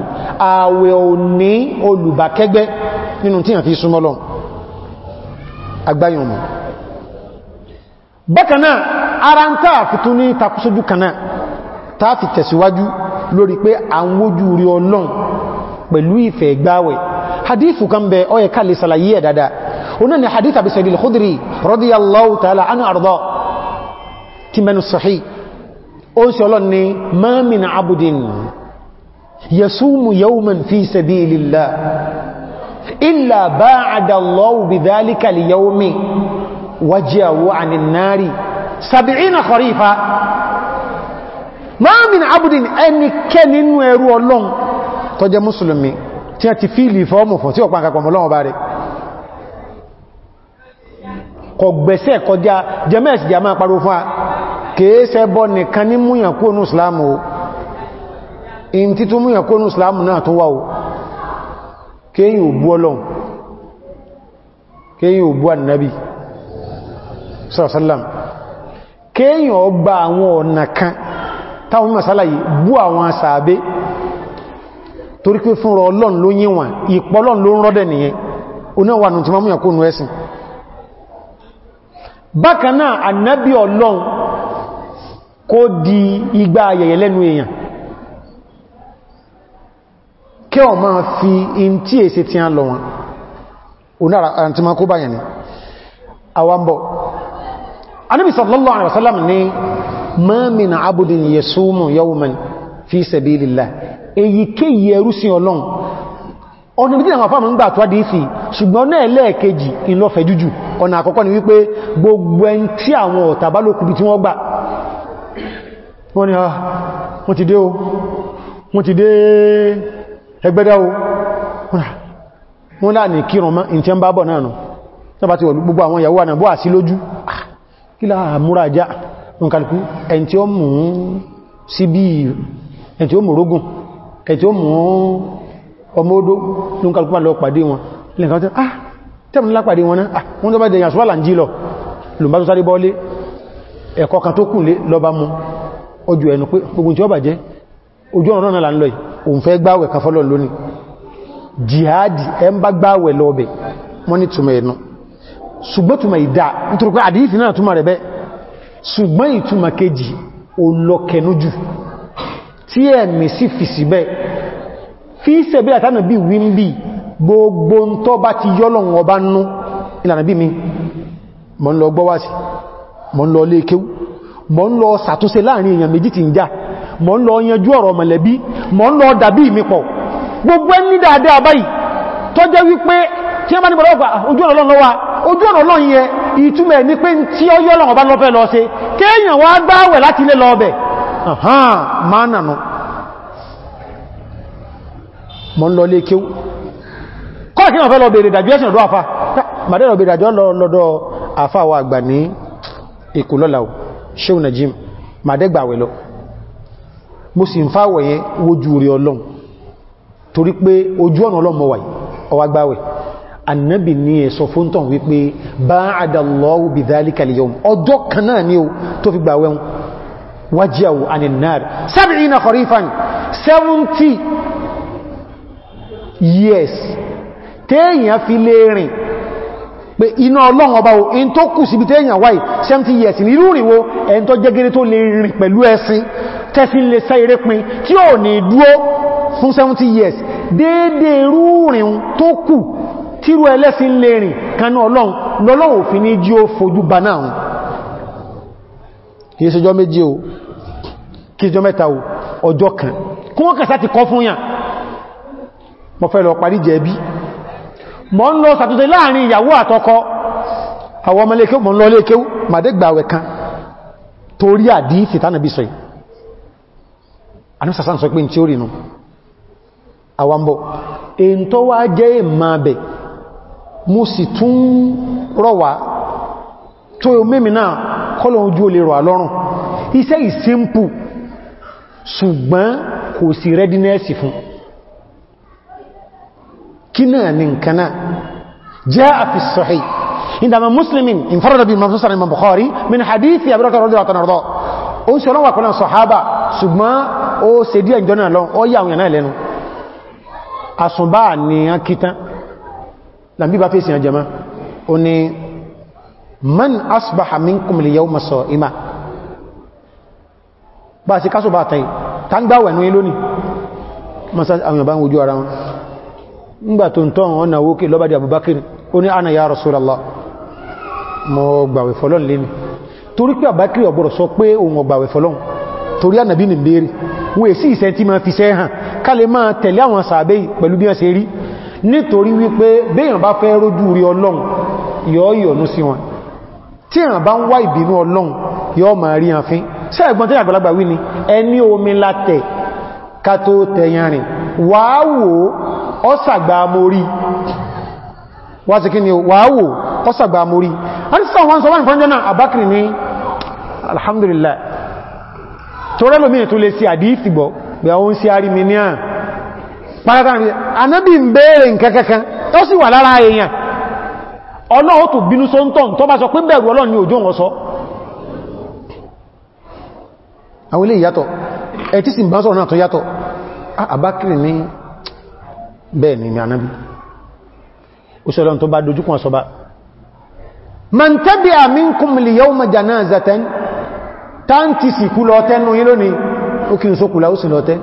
àwẹ̀ ò ní olùbákẹ́gbẹ́ nínú tí yàn fi súnmọ́ lọ agbáyọ̀mù bákanáà ara ń tàà fi tún ní takúsójú kanáà tàà fi tẹ̀síwájú lórí pé hadithu kan bẹ ó yẹ ká lè ni hadith Abi Sa'id khudri رضي الله تعالى عنه أرضاه كما نصحي أنسي الله أني ما من عبد يصوم يوما في سبيل الله إلا باعد الله بذلك اليوم وجهه عن النار سبعين خريفا ما من عبد أن كان يروى الله تجا مسلمي تجا في لي فهمه فهمه فهمه فهمه فهمه kọ̀ gbẹ̀sẹ̀ kọjá jẹmẹ́ẹ̀sì jẹ́ máa parò fún a kèéṣẹ́ bọ́ nìkan ní múyàn kó nù islamu o in títún múyàn kó nù islamu náà tún wá o kéyìn òbú ọlọ́run kéyìn òbú annabi sallam kéyìn ọgbà àwọn ọ̀nà kan táwọn masala yìí bú àwọn asàábé torí pé fún ọlọ́run ló yíwọ̀n ìpọ́lọ́run ló ń rọ́dẹ̀ nìyẹn oníwà nù tí ma múyàn kó nù ẹ̀sìn na annabi ọlọ́n kó di igba ayẹyẹ lẹ́nu èèyàn kí o máa fi in tí èsì tí a lọ wọn onára àti ma kó ni àwambọ̀ annabi sallallahu alaihi wasallam ni ma na abudin yasumu yawman fi sabilillah èyí kéyì ẹrú sí ọlọ́n ọdún bí i àwọn afẹ́ ń gbà ọ̀nà àkọ́kọ́ ni wípé gbogbo ẹn tí àwọn ọ̀tà bá ló kúbi tí wọ́n gbà wọ́n ni ah, wọ́n ti dé o wọ́n ti dé ẹgbẹ́dá o wọ́n láà ní kírùn mọ́ ìtẹ́ ń bá bọ̀ náà nù tọ́bá ti wọ̀lú gbogbo àwọn ìyàwó ànàbọ́ ah tẹ́mù lápàdé wọn náà ah, wọ́n tó bá dẹ̀yàn ṣúwà làǹjí lọ lùmbá tó sáré bọ́ọ̀lé ẹ̀kọ́ kan tó kùnlé lọ́bá mú ojú ẹnu pé gbogbo tí ó bà jẹ́ ojú ọ̀rọ̀ náà lọ òun fẹ́ gbáwẹ̀ kan fọ́lọ̀ lónìí jihadi ẹ ń bá gbáwẹ̀ lọ́ọ̀bẹ̀ wọ́n ní túnmọ̀ ẹ̀nu ṣùgbọ́n túnmọ̀ ìdá nítorí pé àdíyìí bí gbogbo tó bá ti yọ́lọ̀ ọba nú ìlànà bí mi mọ́ ń lọ gbọ́wàsí mọ́ ń lọ léèkéw mọ́ ń lọ sàtúnṣe láàrin èèyàn méjì lọ yanjú ọ̀rọ̀ mọ̀lẹ́bí mọ́ ń lọ dàbí mi pọ̀ gbogbo ẹni dáadáa báyìí tó jẹ́ wípé tí wọ́n bá ní bọ̀lọ́ kọ́lá kí wọ́n fẹ́ lọ bèèrè ìdàjú ẹ̀sìn ọ̀dọ́ àfá màdé lọ bèèrè ìdàjú lọ́dọ̀ àfá wa àgbà ní èkó lọ́la ò ṣeun najim màdé gbàwẹ̀ lọ mo sì ń fáwẹ̀ yẹn wojú rí ọlọ́run torí pé ojú ọ̀nà ọlọ́mọ wà ọwà gbàwẹ̀ annabi ni ẹ sọ fún tán wípé ba'ada Allahu bi dhalika al-yawm ọjọ́ kan náà ni ó tó fi gbàwẹ̀ wọn wájíàwó aninnar years téèyàn fi lè rìn pé iná ọlọ́run ọba o in tó kù síbi téèyàn wáyì 70 years ní irú ìwò ẹni tó jẹ́gẹ́rẹ́ tó lè rìn pẹ̀lú ẹṣin tẹ́fí lè sá eré pin tí ò ní dúó fún 70 years déédé irú rìn tó kù tírú ẹlẹ́sìn lè rìn kaná ọlọ́run lọ́lọ́run òfin ní jí ó fojú ba náà kìí ṣọjọ́ méjì o kìí ṣọjọ́ mẹ́ta o ọjọ́ kan kí wọ́n kẹsà ti kọ́ fún yàn mo fẹ́ lọ parí jẹ̀bi mọ́ ń lọ sàtúnṣe láàrin ìyàwó àtọkọ àwọn ọmọ lékẹ́ mọ́ ń lọ gbà kan torí àdíìsì tánàbí sọ yìí anúsàsán sọ pé tí ó rìnú àwambọ̀ èyí jẹ́ ìmọ̀ sì tún rọ̀wà tó mẹ́mì kọ́lọ̀ ojú كنا ننكنا جاء في الصحيح عندما مسلم انفرد بالمنصوص عن البخاري من حديث ابي بكر رضي الله عنه وارضاه ó ṣe ọlọ́wà kọ́nà sọ̀hábà ṣùgbọ́n ó ṣe díẹ̀ ìjọ́nà lọ ó yà àwọn ìlẹ́nu àṣùnbà ní a kìtán làbí bá fèsì àjẹmá o ni man asbaha minkum al-yawma sa'ima bá sí kásùbà tàí tàgbàwẹ̀ ngbà tó ń tán ọ̀nà wókè lọ́bàdì Abubakar ó ní ànà ya Rasulullah mọ́ gbàwẹ̀ fọ́lọ́n lé ní torí pé Abubakar ọ̀gbọ̀rọ̀ sọ pé òun ọgbàwẹ̀ fọ́lọ́n torí ànàbí ní bèèrè wọ́n èsì ìṣẹ́ tí ma fi sẹ́ ha ká lè máa tẹ̀lé àwọn sàábé pẹ̀lú bí wọ́n nítorí wípé béèyàn bá fẹ́ rójú rí Ọlọ́run yóò yọ̀nú sí wọn tí bá ń wá ìbínú Ọlọ́run yóò máa rí àfin tí àgbàlagbà omi látẹ̀ ká tó tẹ̀yàn ọ́sàgbà mórí wá sí kí ni wàáwò ọ́sàgbà mórí a ní sáwọn sọ wọ́n àbákìrì ní alhamdulillah tó tó lè sí àdífì bọ̀ bí ń sí àrí mi ní à pàtàkì wà lára àwọn ilé ìyàtọ̀ sì ń bá sọ̀rọ̀ náà tó ah, bẹ́ẹ̀ ni ànábì òṣèlọ́n tó bá dojúkùn ọ̀sọ́bá man tabi'a minkum li yawma janazatan táǹtì sì kú lọ́tẹ́ nù yí lónìí ó kí n só kùlá ó sì lọ́tẹ́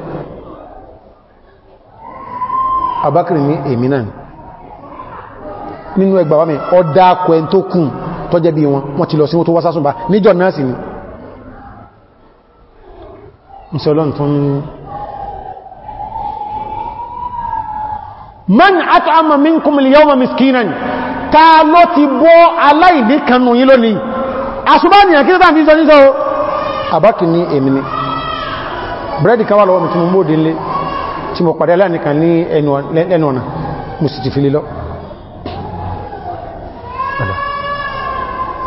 abákìrì ní èmì náà nínú ẹgbà lọ sí man at'ama minkum al-yawma miskinan ta ló ti bọ́ aláìní kanu yí lónìí asubaniyan kí tàbí sọ nísọ àbákì ní èmì ni brẹ́dì kan wà lọ́wọ́ mi tí mo mọ́ dé lé tí mo pàdé aláìní kan ní ẹnu ọ̀nà mo sì ti fi lé lọ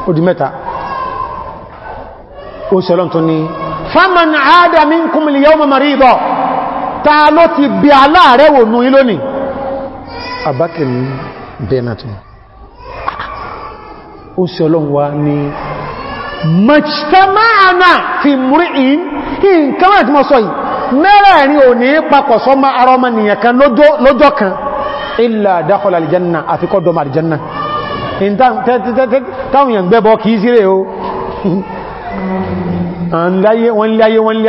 ó di mẹ́ta ó sì ọlọ́n faman aada minkum al-yawma marida ta ló ti bí aláàrẹ́wò nù yí lónìí abákẹ̀lú bernard ó sí ọlọ́wà ní mọ̀tàmáàna fi múrí in nǹkan mẹ́rin tí mọ́ sọ yìí mẹ́rẹ̀ẹ̀rin ò ní papọ̀ sọ ma ara ọmọ nìyàn kan lọ́jọ́ kan illa dákọlá aljanna àfikọ́ dọmọ aljanna táwọn yàn gbẹ́bọ́ kìí síre o wọ́n láyé wọ́n láyé wọ́n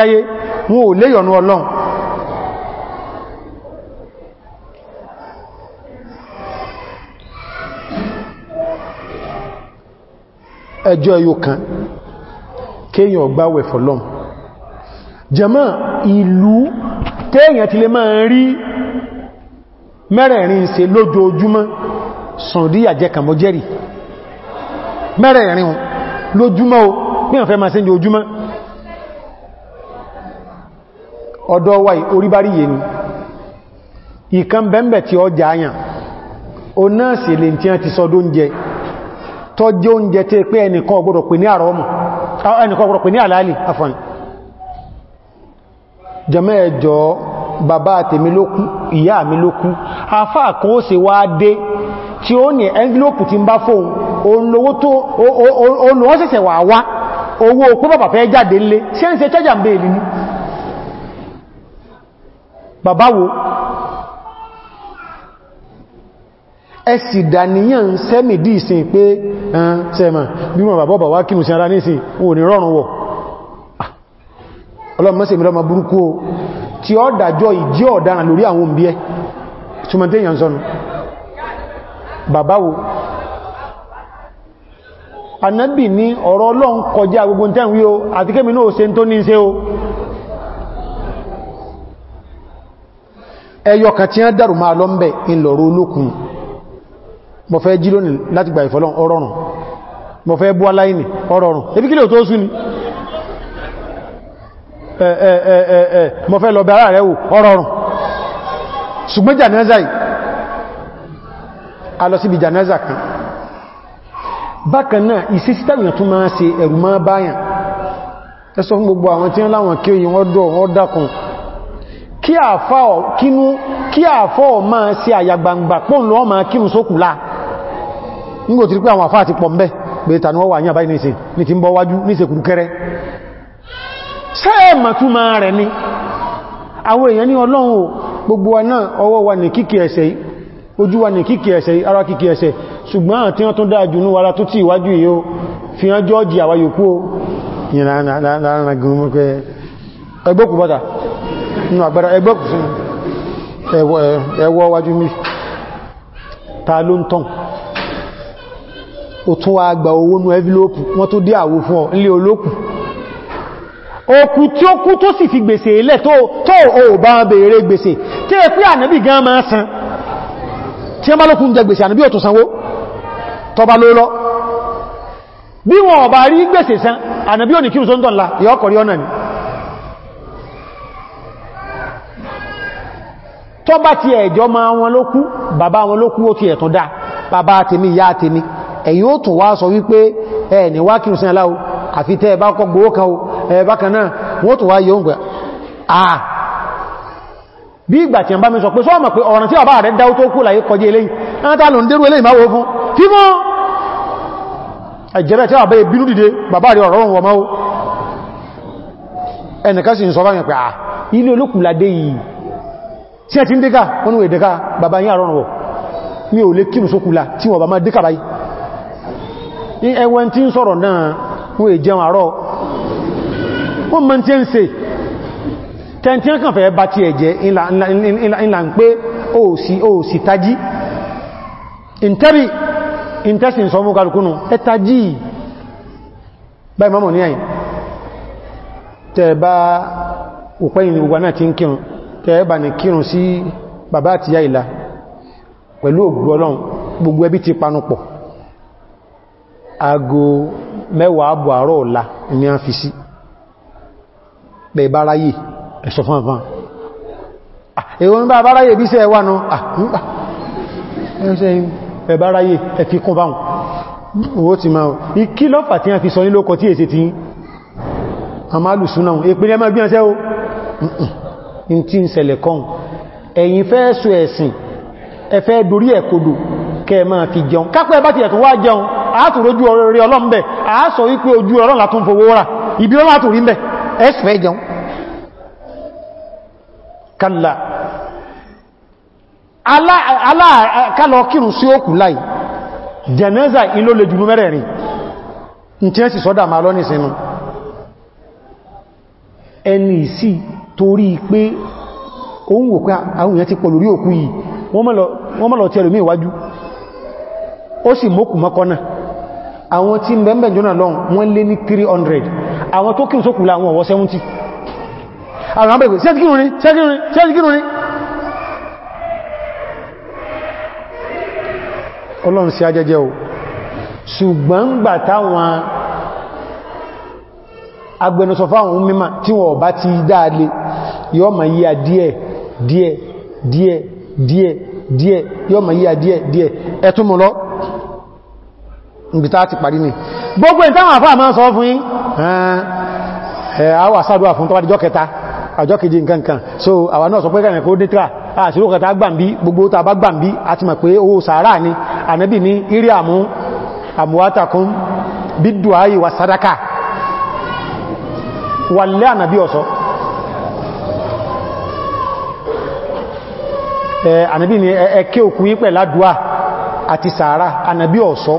ẹjọ́ yóò kan kéèyàn gbáwẹ̀ fọ́lọ́m jẹmọ́ ìlú téèyàn ti lè máa rí mẹ́rẹ̀ẹ̀rin ṣe lójoojúmọ́ sọ̀dí àjẹkàmọ́jẹ́rì mẹ́rẹ̀ẹ̀rin lójúmọ́ o mẹ́ràn fẹ́ máa ṣe ní ojúmọ́ ọ̀dọ̀ wa oríbárí yẹ ni ìkan bẹ́m̀bẹ̀ tí ọjà àyàn o náà sì lè tí a ti sọdún jẹ tó jẹ́ oúnjẹ tí pé ẹnìkan ọgbọ́dọ̀ pè ní àrọ́mù ẹnìkan ọgbọ́dọ̀ pè ní àlàálì afọ́n jẹmọ́ ẹjọ́ bàbá tèmi lókú ìyá mi lókú afá kan ó sì wá dé tí ó ní envelope ti ń bá fóun olówó sẹ̀sẹ̀ ẹsì dàníyàn sẹ́mì dì sí pé ẹn sẹ́mà bí wọn bàbọ́ bà wá kínú sí ara nísìn òun ni rọrùn wọ̀ ọlọ́mọ́sẹ̀ mìíràn ma burúkú o tí ó dájọ́ ìjí ọ̀daràn lórí àwọn òmìnbí ẹ túnmọ̀tẹ́yàn sọ́nù bàbáwo anábì ní ọ̀rọ̀ ọlọ́run kọjá gbogbo tẹ́wí o àti kémi náà ṣe tó ní ṣe o ẹyọkà tí wọ́n dàrù máa lọ́m̀bẹ̀ ìlọ̀rọ̀ olókun mo fẹ́ jí lónìí láti gbà ìfọ́lọ́n ọrọ̀rùn mo fẹ́ bú aláìní ọrọ̀rùn ebi kí lè tó sún ni mo fẹ́ lọ bẹ ara rẹ̀ wò ọrọ̀rùn ṣùgbọ́n jànáza yìí a lọ síbi jànáza kan bákan náà ìsísítàwìyàn tún máa ṣe ẹ̀rù máa báyàn ẹ sọ fún gbogbo àwọn tí wọ́n láwọn kí oyin wọ́n dọ̀ wọ́n dákun kí àfọ́ máa ṣe àyàgbàǹgbà pọ́n lọ́ọ́ nígbò tí rí pé àwọn àfáà ti pọ̀ mẹ́ pé tàní wọ́n ní àbáyé nìsìn ní ti ń bọ́ wájú ní ìsẹ̀kùrù kẹrẹ sẹ́ẹ̀mà tún máa rẹ̀ ni àwọn èèyàn ní ọlọ́run gbogbo wa náà ọwọ́ wa ní kíkì ẹsẹ̀ ojú wa ní kíkì ẹsẹ̀ ara kíkì ẹsẹ̀ ṣùgbọ́n àti wọ́n tó dáa jù ní wàrà tó tí ìwájú yìí ó fi hàn jọ́ọ̀jì àwa yòókù ó ẹgbọ́kù bọ́ta inú àgbàrá ẹgbọ́kù ta ló ń tán ó tún wá gba owó nú envelope wọ́n tó dé àwo fún ọ nílé olókù òkú tí ó kú tó sì fi gbèsè ilẹ̀ tó ò bá bèèrè gbèsè tí è pé ànábì gan máa san tí a má lókún jẹ gbèsè ànábì ó tún sanwó tọba ló lọ bí wọn ò bá rí gbèsè san ànábì ò ní kírù ìyọ́kọ̀rí ọ̀nà ni tọba ti ẹ̀jọ́ máa wọn ló bàbá wọn ló ó ti ẹ̀tún dá bàbá tèmi ìyá tèmi ẹ̀yin ó tún wá sọ wípé ẹ̀ ní wá kírùn sí aláwọ̀ àfi tẹ́ ẹ̀bá kọ gbówó kan ẹ̀bá kan náà wọ́n tún wá yóò gbà àà bí ìgbà tí ẹ̀mbá mi sọ pé sọ́ọ̀mọ̀ pé ọ̀ràn tí bàbá rẹ̀ dáwó tó kú láyé kọjá eléyìn látà lò ń dérú eléyìn máa wo fún tí mọ́ ẹ̀jẹ̀rẹ̀ tí bàbá ìbínú dìde bàbá rẹ̀ ọ̀rọ̀ wọn mi ò lè kírùn sókùnlá tí wọ́n bá máa dégà báyìí ẹwẹn tí ń sọ̀rọ̀ náà wọ́n è jẹun àárọ̀ wọ́n mọ́ tí ń se tẹ́ntí ń kàn fẹ́ bá ti ẹ̀jẹ́ ìlà ń pé ó sì tají ìntẹ́bì ìntẹ́sìn sọ mú kàrùkúnnù ẹ tají báyìí mọ́mọ̀ ní àyìn tẹ́ẹ̀bá òpẹ́yìn ìwà náà ti ń kírun tẹ́ẹ̀bà ní kírun sí bàbá àti yá ìlà pẹ̀lú ògbọ́lọ́un gbogbo ẹbí ti panupọ̀ aago mẹ́wàá àbọ̀ àárọ̀ ọ̀la ní a fi sí bẹ̀ báráyè ẹ̀sọ̀ fánfán ẹ̀wọ̀n bá báráyè ah, bí sẹ́ wà náà ah, ẹ̀ báráyè ẹ̀ fi kún báhùn owó ti máa ikí lọ́fà tí a fi sọ ní lókọ tí èsì ti àmàlùsúnà ìpínlẹ̀ ẹmọ́ gbíyànṣẹ́ o in ti ń ṣẹlẹ̀ kan ẹ̀yin fẹ́ sọ ẹ̀sìn ẹ̀fẹ́ dorí ẹ̀kodò kẹ máa fi jẹun kápẹ́ bá ti ẹ̀tún wá jẹun àtùrójú orí ọlọ́m̀bẹ̀ àásọ wípé ojú ọlọ́run látún fowó rà ibi ọlọ́run àtùrí mẹ́ ẹ̀sìfẹ́ jẹun kàlà aláàkálọ kírùn sí òkú láì jẹ̀nẹ́zà lè jùlú tí ẹ́ sì sọ́dà máa lọ́nì sínú ẹni sí torí pé wò pé àwọn èèyàn ti pọ̀ lórí òkú yìí wọ́n tí ẹlòmí ìwájú ó sì mọ́kù mọ́kọ́ náà àwọn tí mẹ́mẹ́ jọna lọ́n wọ́n lé ní 300 àwọn tó kírùn sókùnlá àwọn ọwọ́ 70 àwọn àbẹ̀gbẹ̀ sẹ́kìrìnrin sẹ́kìrìnrin sẹ́kìrìnrin ọlọ́run sí ajẹ́jẹ́ o ṣùgbọ́n gbà táwọn agbẹnusọ fáwọn mímọ̀ tí wọ́n bá ti dáadé yọ́ ma yíya díẹ̀ díẹ̀ díẹ̀ díẹ̀ díẹ̀ yọ́ ma yíya díẹ̀ díẹ̀ ẹ̀tún mọ́ lọ́ ìgbìta ti parí ní gbogbo ìtàwọn àfáà máa sọ fún yín àwà sádùwà fún tọ́wàdíjọ́ kẹta àjọ́ kejì nkankan so àwa náà sọ pé kẹrin kó nítra àṣírò kẹta gbàmbí gbogbo ta bá gbàmbí a ti mọ̀ pé owó sàárà ni ànábì ní irí àmú àmúwátakún bídùáyì wà sádaka wà lẹ́ ànàbí ọ̀sọ́ ànàbí ni ẹkẹ́ òkú yí pẹ̀lá dùá àti sàárà ànàbí ọ̀sọ́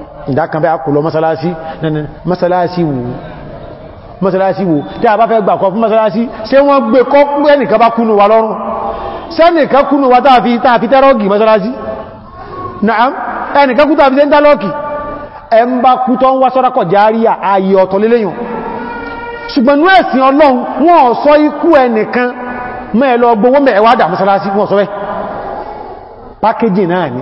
ìdákan bẹ́ àkùlọ masalasi masalasi wù masalasi wù tí a bá fẹ́ gbà kọ fún masalasi ṣe wọ́n gbé kọ́ ẹnìkan bá kúnnù wa lọ́rùn sẹ́nìkan kúnnù wa tààfi tààfi tẹ́rọ́gì masalasi na'am ẹnìkan kú tààfi tẹ́ntálọ́kì ẹ ń bá kú tọ́ ń wá sọ́rakọ̀ járíà ayé ọ̀tọ̀ lélẹ́yìn ṣùgbọ́n ní ẹ̀sìn ọlọ́run wọ́n sọ ikú ẹnìkan mẹ́ẹ̀lọ gbowó mẹ́ẹ̀wádà masalasi wọ́n sọ bẹ́ẹ̀ pákéjì náà ni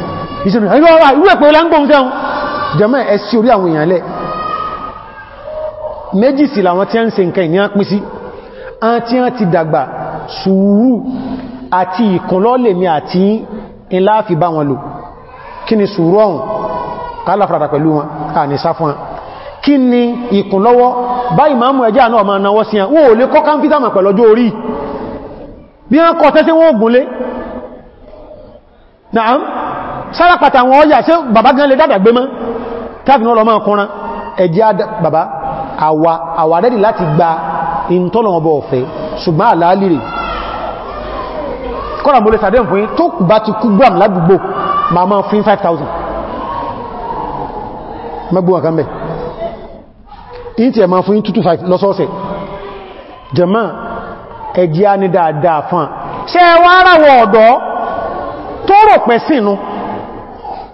ìṣẹ̀mì ìlú ọ̀rá ìlú ẹ̀pẹ̀ olágbóhun tẹ́un jẹmọ́ ẹ̀sí orí àwọn èèyàn lẹ̀ méjì sí làwọn tí a ń ṣe nǹkan ìní pín sí án tí a ti dàgbà sùúrù àti ìkùnlọ́lẹ̀ mi àti ńlá fi bá wọn lò kí ni sùúrù ọ̀hún kálàfàràtà pẹ̀lú wọn à ní sáfún wọn kí ni ìkùnlọ́wọ́ bá ìmáàmù naam sára pàtà àwọn ọjà sí bàbá gan lè dádà gbé mọ́ káàkiri náà lọ máa kọ́nà ẹjẹ́ bàbá àwà àwà rẹ̀dì láti gba ìntọ́nà ọbọ ọ̀fẹ́ ṣùgbọ́n àlàálìrì kọ́nà mo lè sàdẹ́m fún yí tó bá ti kú gbọ́m ládùgbò ma máa fún 5,000 mẹ́gbọ́n ọ̀kan bẹ̀ ìntì ẹ̀ máa fún 225 lọ́sọ́ọ̀sẹ̀ jẹ́mọ́ ẹjẹ́ á ní dáadáa fún tó rọ̀ pẹ̀sìn no?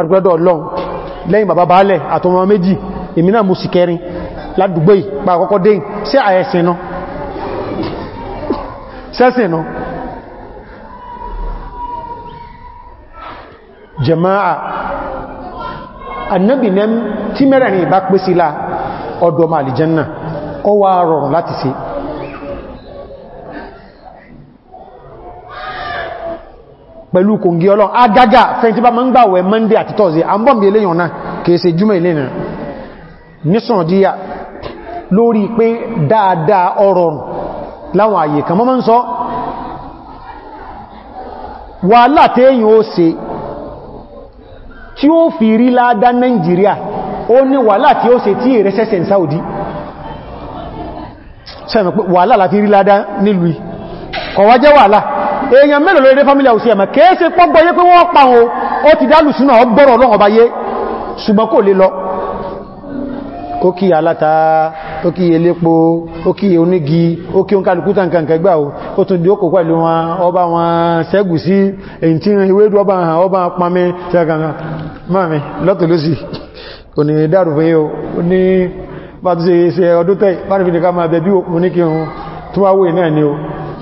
àrùgbẹ́dọ̀ ọlọ́run lẹ́yìn bàbá baálẹ̀ àtọmọ méjì èmi náà mo sì kẹrin ládùgbò ìpá àkọ́kọ́ dé sí àẹ̀sìn náà sẹ́sìn náà jẹmáà annabi nem tí mẹ́rẹ̀ ní ìbá pèsílá ọdọ̀ màlìjẹ́ náà ọ wá rọrùn láti ṣe pẹ̀lú kòǹgí ọlọ́ agaga fẹ́ntí bá máa ń gbàwẹ̀ monday àti thursday a ń bọ́m̀bí eléyàn náà kìí ṣe júmọ̀ ilé náà nísàn díyà lórí pé dáadáa ọ̀rọ̀ láwọn àyè kan mọ́ mọ́ ń sọ wàhálà téèyàn ó ṣe tí ó fi rí ládá nàìjíríà ó ní wàhálà tí ó ṣe tí ìrẹsẹsẹ saudi wàhálà láti rí ládá nílùú kọ̀wàá jẹ́ wàhálà èèyàn mélòó lórí family house ẹ̀mẹ̀ kéése pọ́gbọ́ yé pé wọ́n pa wọn ó ti dálù súnà ọgbọ́rọ̀ ọlọ́run ọba yé ṣùgbọ́n kò lè lọ ó kí aláta ó kí elépo ó kí onígi ó kí oún kálukú tàǹkàǹkà gbà ó tún di ó kò pẹ̀lú wọn ọba wọn sẹ́gù sí èyí tí ìwédú ọba hàn ọba pàmí tẹ́gànà máàmí lọ́tọ̀lọ́sì kò ní dárùfẹ́ yóò ní bá tó ṣe ọdún tẹ́ bá ní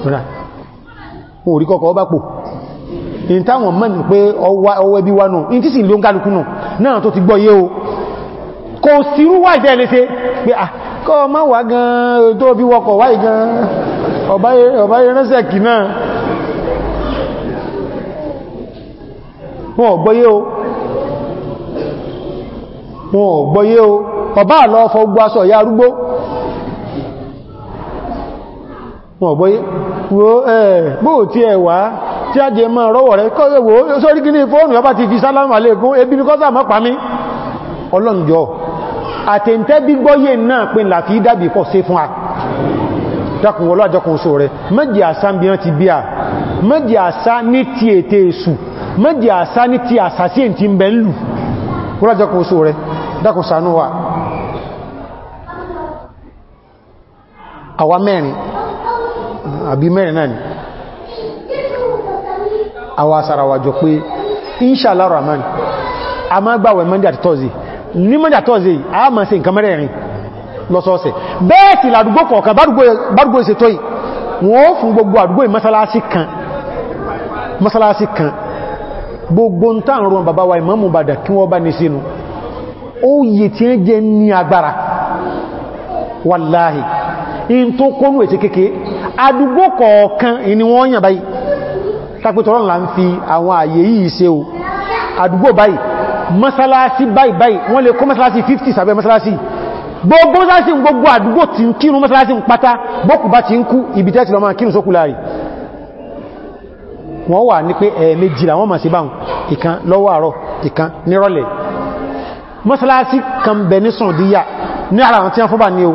fi orí kọ́kọ́ ọba pò in táwọn mọ́ ní pé ọwọ́ ẹbí wa náà in tí sì ló ń kálukú náà tó ti gbọ́ yé o kò sírú wà ìfẹ́ léṣe pé à kọ́ ma wà gan tó bí wọkọ̀ wà gan ọba ìrẹsẹ̀ kì náà wọn ò gbọ́yé o wọn ò gbọ́yé o ọba àlọ́ ọfọ́ gbọ́ wọn gbọ́yé wo ẹ̀ bóò tí ẹ wá tí a jẹ máa rọ́wọ̀ rẹ kọ́ ẹwò sórí kí ní fóònù ọba ti fi sálámù aléèkún ebi ní kọ́sà mọ́ pàmí ọlọ́njọ́ àtẹ̀ntẹ́ gbígbọ́yé náà pín láti dábì pọ̀ sí fún a dákùn wọlọ́ àjọkùn só rẹ méjì àṣà bí wọ́n ti bí a méjì àṣà ní ti ètè èṣù méjì àṣà ní ti àṣà sí èntí ń bẹ mẹ́rin àbí mẹ́rin náà ni àwọn asarawàjọ pé inṣàlá rahman a máa gbàwẹ̀ monday àti thursday ní monday àti thursday a máa ṣe nǹkan mẹ́rẹ̀ẹ̀rin lọ́sọ̀ọ̀sẹ̀ bẹ́ẹ̀ sì làdúgbò kọ̀ọ̀kan bárúgbò ìṣètò yìí wọ́n fún gbogbo àdúgbò mọ́sálásí kan mọ́sálásí kan gbogbo ń tàn rọ bàbá wa ìmámù Ìbàdàn kí wọ́n bá ní sínú ó yẹ tí ó jẹ ní agbára wàláhì in tó kónú ètì kéèkéé àdúgbò kọ̀ọ̀kan ni wọ́n yàn báyìí tàpítọ̀rọ̀ là ń fi àwọn àyè yìí ṣe o àdúgbò báyìí mọ́sálásí báyìí báyìí wọ́n lè kó mọ́sálásí 50 sàbẹ̀ mọ́sálásí gbogbo mọ́sálásí gbogbo àdúgbò tí ń kírun mọ́sálásí ń pátá bókù bá ti ń kú ibi tẹ́tì lọ máa kírun sókù láàrí wọ́n wà ní pé ẹ̀ẹ̀mejìlá wọ́n máa ṣe tí wọ́n fọ́bà ní o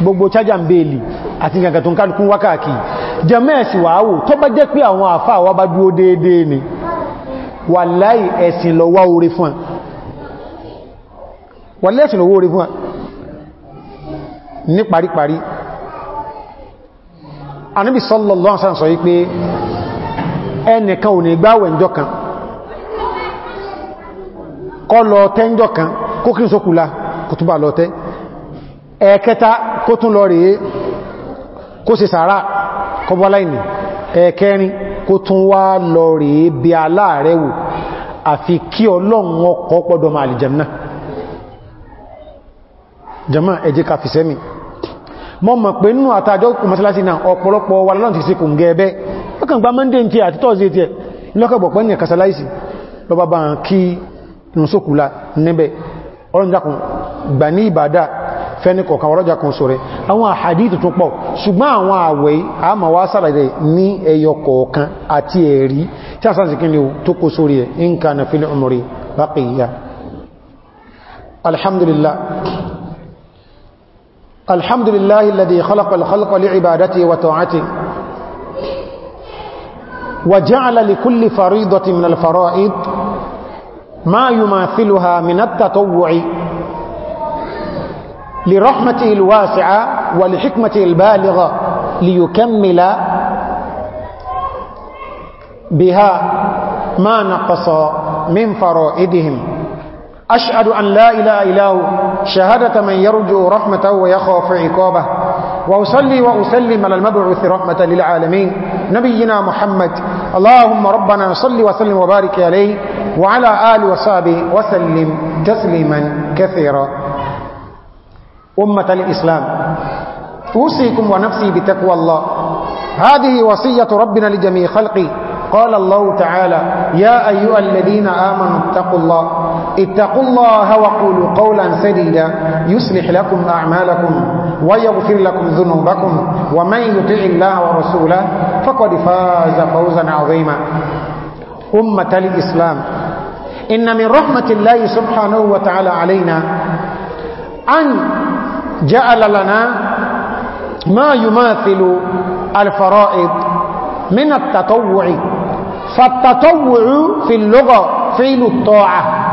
gbogbo chájà ń bèèlì àti gàgà tó ń kálukú wákàkì jẹmẹ́ẹ̀sì wàáwò tó bá jẹ́ pé àwọn àfá àwọ́ bá dúó déédéé ni wàláì ẹ̀sìn lọ wá orí fún wàláì ẹ̀sìn lọ wá orí fún ní paríparí Ànábì sallallahu alaihi wasallam sọ wípé ẹnìkan ò ní kí n sókùlá kò túbà lọ ẹ̀ẹ̀kẹta kó tún lọ rèé kó sì sàárà kọbọ́láìní ẹ̀ẹ̀kẹrin kó tún wá lọ rèé bí aláàrẹ wò àfi kí ọlọ́run ọkọ̀ pọ̀dọ̀ máa aljanna jama ẹjẹ́ ka fi sẹ́mi mọ́ mọ̀ pé nínú àtàjọ́ mọ́sálásí náà ọ̀pọ̀lọpọ̀ wà lọ́nà ti síkùn gba ati ki gbà ní ìbàdá fẹ́ni kọ̀kan ọ̀rọ̀jà kan sọ rẹ̀ àwọn àhàdìtì tún pọ̀ ṣùgbọ́n àwọn àwẹ̀ a máa wá sàrẹ̀ ní ẹyọ kọ̀ọ̀kan àti ẹ̀rí tí a sáàsì kíni tó kó sórí ẹ̀ in ká na fílẹ̀ ọmọrẹ̀ bákìyà ma yumathiluha min at-tatawwu'i لرحمته الواسعة ولحكمته البالغة ليكمل بها ما نقص من فرائدهم أشهد أن لا إله إلا هو شهادة من يرجو رحمته ويخاف عقابه وأصلي وأسلم على المبعوث رحمة للعالمين نبينا محمد اللهم ربنا صل وسلم وبارك عليه وعلى آل وصحبه وسلم تسليما كثيرا أمة الإسلام أوصيكم ونفسي بتقوى الله هذه وصية ربنا لجميع خلقه قال الله تعالى يا أيها الذين آمنوا اتقوا الله اتقوا الله وقولوا قولا سديدا يصلح لكم أعمالكم ويغفر لكم ذنوبكم ومن يطع الله ورسوله فقد فاز فوزا عظيما أمة الإسلام إن من رحمة الله سبحانه وتعالى علينا أن جعل لنا ما يماثل الفرائض من التطوع فالتطوع في اللغة فعل الطاعة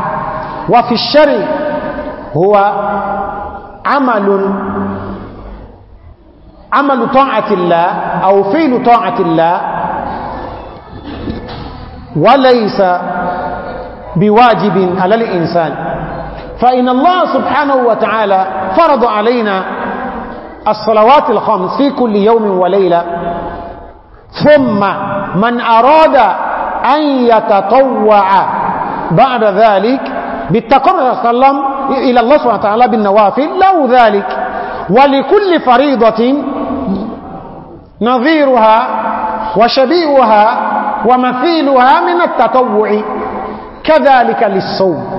وفي الشرع هو عمل عمل طاعة الله أو فعل طاعة الله وليس بواجب على الإنسان فإن الله سبحانه وتعالى فرض علينا الصلوات الخمس في كل يوم وليلة ثم من أراد أن يتطوع بعد ذلك بالتقرب صلى الله إلى الله سبحانه وتعالى بالنوافل له ذلك ولكل فريضة نظيرها وشبيهها ومثيلها من التطوع كذلك للصوم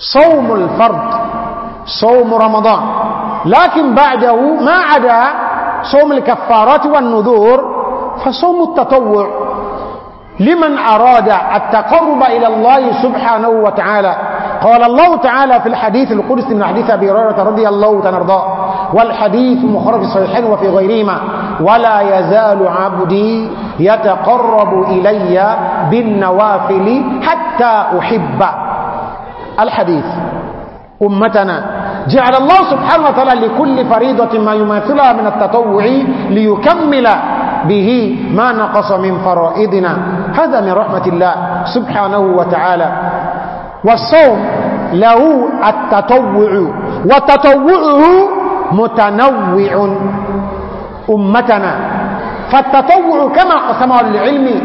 صوم الفرض صوم رمضان لكن بعده ما عدا صوم الكفارات والنذور فصوم التطوع لمن أراد التقرب إلى الله سبحانه وتعالى قال الله تعالى في الحديث القدسي من حديث أبي هريرة رضي الله تنرضى والحديث مخرج صحيحين وفي غيرهما ولا يزال عبدي يتقرب إلي بالنوافل حتى أحبه الحديث أمتنا جعل الله سبحانه وتعالى لكل فريضة ما يماثلها من التطوع ليكمل به ما نقص من فرائضنا هذا من رحمة الله سبحانه وتعالى والصوم له التطوع وتطوعه متنوع أمتنا فالتطوع كما قسمه للعلم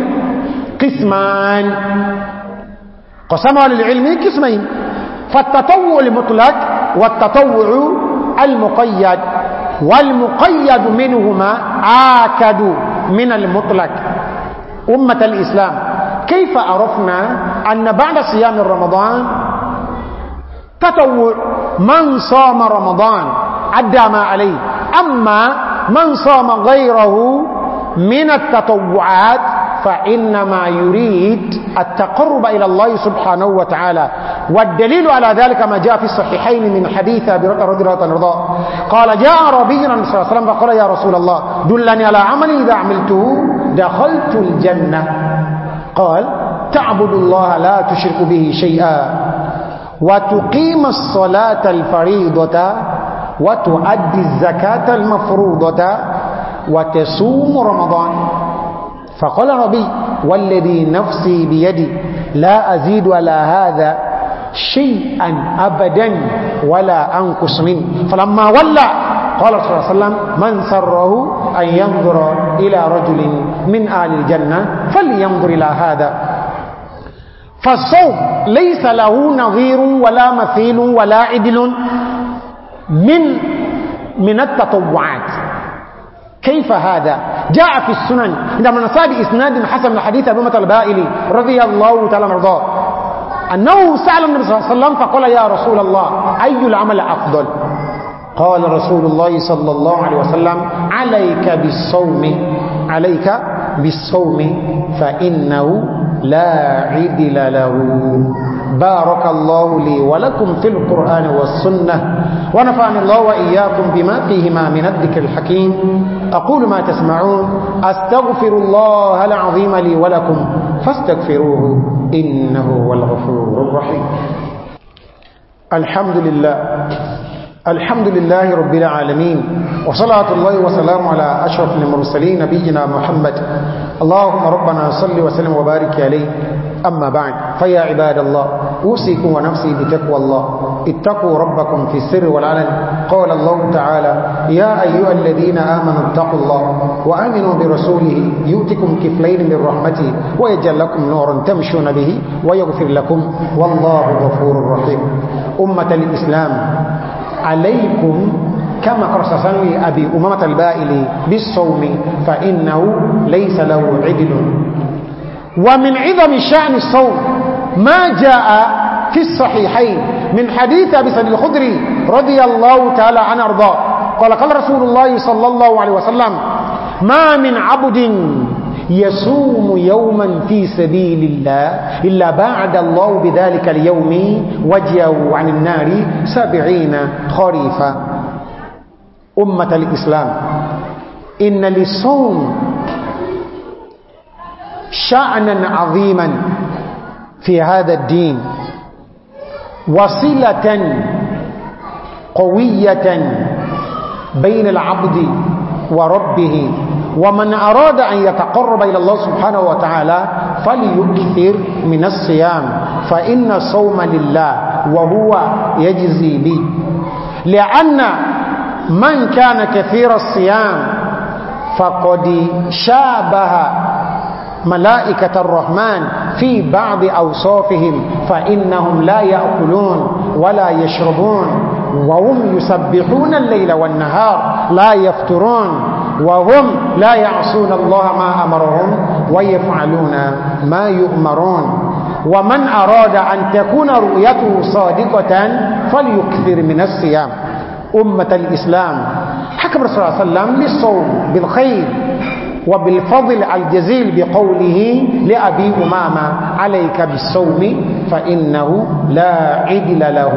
قسمان قسمه للعلم قسمين فالتطوع المطلق والتطوع المقيد والمقيد منهما آكد من المطلق أمة الإسلام كيف عرفنا أن بعد صيام رمضان تطوع من صام رمضان أدى ما عليه أما من صام غيره من التطوعات فإنما يريد التقرب إلى الله سبحانه وتعالى والدليل على ذلك ما جاء في الصحيحين من حديث أبي رضي الله عنه قال جاء عربي صلى الله عليه وسلم فقال يا رسول الله دلني على عمل إذا عملته دخلت الجنة قال تعبد الله لا تشرك به شيئا وتقيم الصلاة الفريضة وتؤدي الزكاة المفروضة وتصوم رمضان فقال ربي والذي نفسي بيدي لا أزيد على هذا شيئا أبدا ولا أنقص منه فلما ولى قال صلى الله عليه وسلم من سره أن ينظر إلى رجل من آل الجنة فلينظر إلى هذا فالصوم ليس له نظير ولا مثيل ولا عدل من من التطوعات كيف هذا جاء في السنن عندما نصاب إسناد حسن الحديث أبو البائلي رضي الله تعالى مرضاه أنه سأل النبي صلى الله عليه وسلم فقال يا رسول الله أي العمل أفضل قال رسول الله صلى الله عليه وسلم عليك بالصوم عليك بالصوم فإنه لا عدل له بارك الله لي ولكم في القرآن والسنة ونفعني الله وإياكم بما فيهما من الذكر الحكيم أقول ما تسمعون أستغفر الله العظيم لي ولكم فاستغفروه إنه هو الغفور الرحيم الحمد لله الحمد لله رب العالمين وصلاة الله وسلام على أشرف المرسلين نبينا محمد اللهم ربنا صل وسلم وبارك عليه أما بعد فيا عباد الله أوصيكم ونفسي بتقوى الله اتقوا ربكم في السر والعلن قال الله تعالى يا أيها الذين آمنوا اتقوا الله وآمنوا برسوله يؤتكم كفلين من رحمته ويجعل لكم نورا تمشون به ويغفر لكم والله غفور رحيم أمة الإسلام عليكم كما سنوي أبي أمامة البائل بالصوم فإنه ليس له عدل ومن عظم شأن الصوم ما جاء في الصحيحين من حديث أبي سعيد الخدري رضي الله تعالى عنه أرضاه قال قال رسول الله صلى الله عليه وسلم ما من عبد يصوم يوما في سبيل الله إلا بعد الله بذلك اليوم وجهه عن النار سبعين خريفا أمة الإسلام إن للصوم شأنا عظيما في هذا الدين وصلة قوية بين العبد وربه ومن أراد أن يتقرب إلى الله سبحانه وتعالى فليكثر من الصيام فإن الصوم لله وهو يجزي به لأن من كان كثير الصيام فقد شابه ملائكة الرحمن في بعض أوصافهم فإنهم لا يأكلون ولا يشربون وهم يسبحون الليل والنهار لا يفترون وهم لا يعصون الله ما أمرهم ويفعلون ما يؤمرون ومن أراد أن تكون رؤيته صادقة فليكثر من الصيام أمة الإسلام حكم الرسول صلى الله عليه وسلم للصوم بالخير وبالفضل الجزيل بقوله لأبي أمامة عليك بالصوم فإنه لا عدل له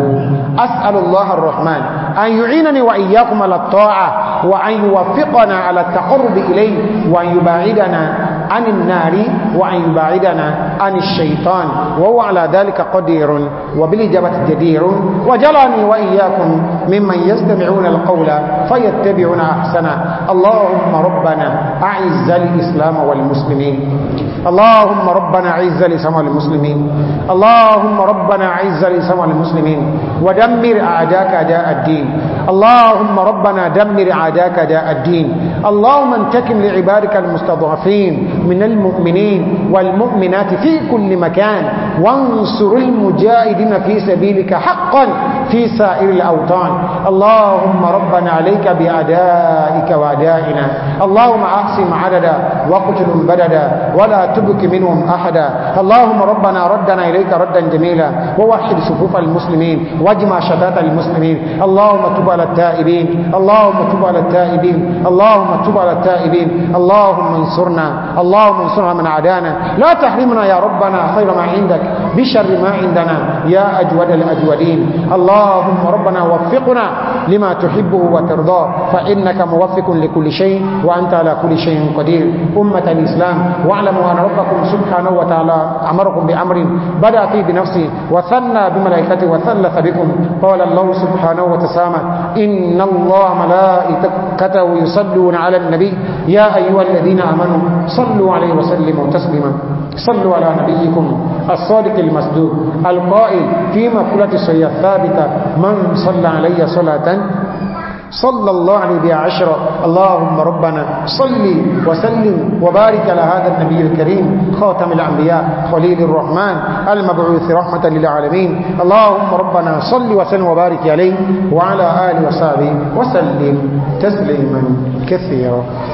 أسأل الله الرحمن أن يعينني وإياكم على الطاعة وأن يوفقنا على التقرب إليه وأن يباعدنا عن النار وأن بعيدنا عن الشيطان وهو على ذلك قدير وبالإجابة جدير وجلني وإياكم ممن يستمعون القول فيتبعون أحسنه اللهم ربنا أعز الإسلام والمسلمين اللهم ربنا عز لسمع المسلمين اللهم ربنا عز لسمع المسلمين ودمر أعداك أداء الدين اللهم ربنا دمر أعداك أداء الدين اللهم انتكم لعبادك المستضعفين من المؤمنين والمؤمنات في كل مكان وانصر المجاهدين في سبيلك حقا في سائر الأوطان اللهم ربنا عليك بأدائك وأدائنا اللهم أقسم عددا واقتل بددا ولا تبك منهم أحدا اللهم ربنا ردنا إليك ردا جميلا ووحد صفوف المسلمين واجمع شتات المسلمين اللهم تب على التائبين اللهم تب على التائبين اللهم تب على التائبين اللهم انصرنا اللهم انصرنا من عدانا لا تحرمنا يا ربنا خير ما عندك بشر ما عندنا يا أجود الأجودين اللهم ربنا وفقنا لما تحبه وترضاه فإنك موفق لكل شيء وأنت على كل شيء قدير أمة الإسلام واعلموا أن أن ربكم سبحانه وتعالى أمركم بأمر بدأ فيه بنفسه وثنى بملائكته وثلث بكم قال الله سبحانه وتسامى إن الله ملائكته يصلون على النبي يا أيها الذين آمنوا صلوا عليه وسلموا تسليما صلوا على نبيكم الصادق المسدود القائل في مقولة الصحية الثابتة من صلى علي صلاة صلى الله عليه بعشرة اللهم ربنا صل وسلم وبارك على هذا النبي الكريم خاتم الأنبياء خليل الرحمن المبعوث رحمة للعالمين اللهم ربنا صل وسلم وبارك عليه وعلى آله وصحبه وسلم تسليما كثيرا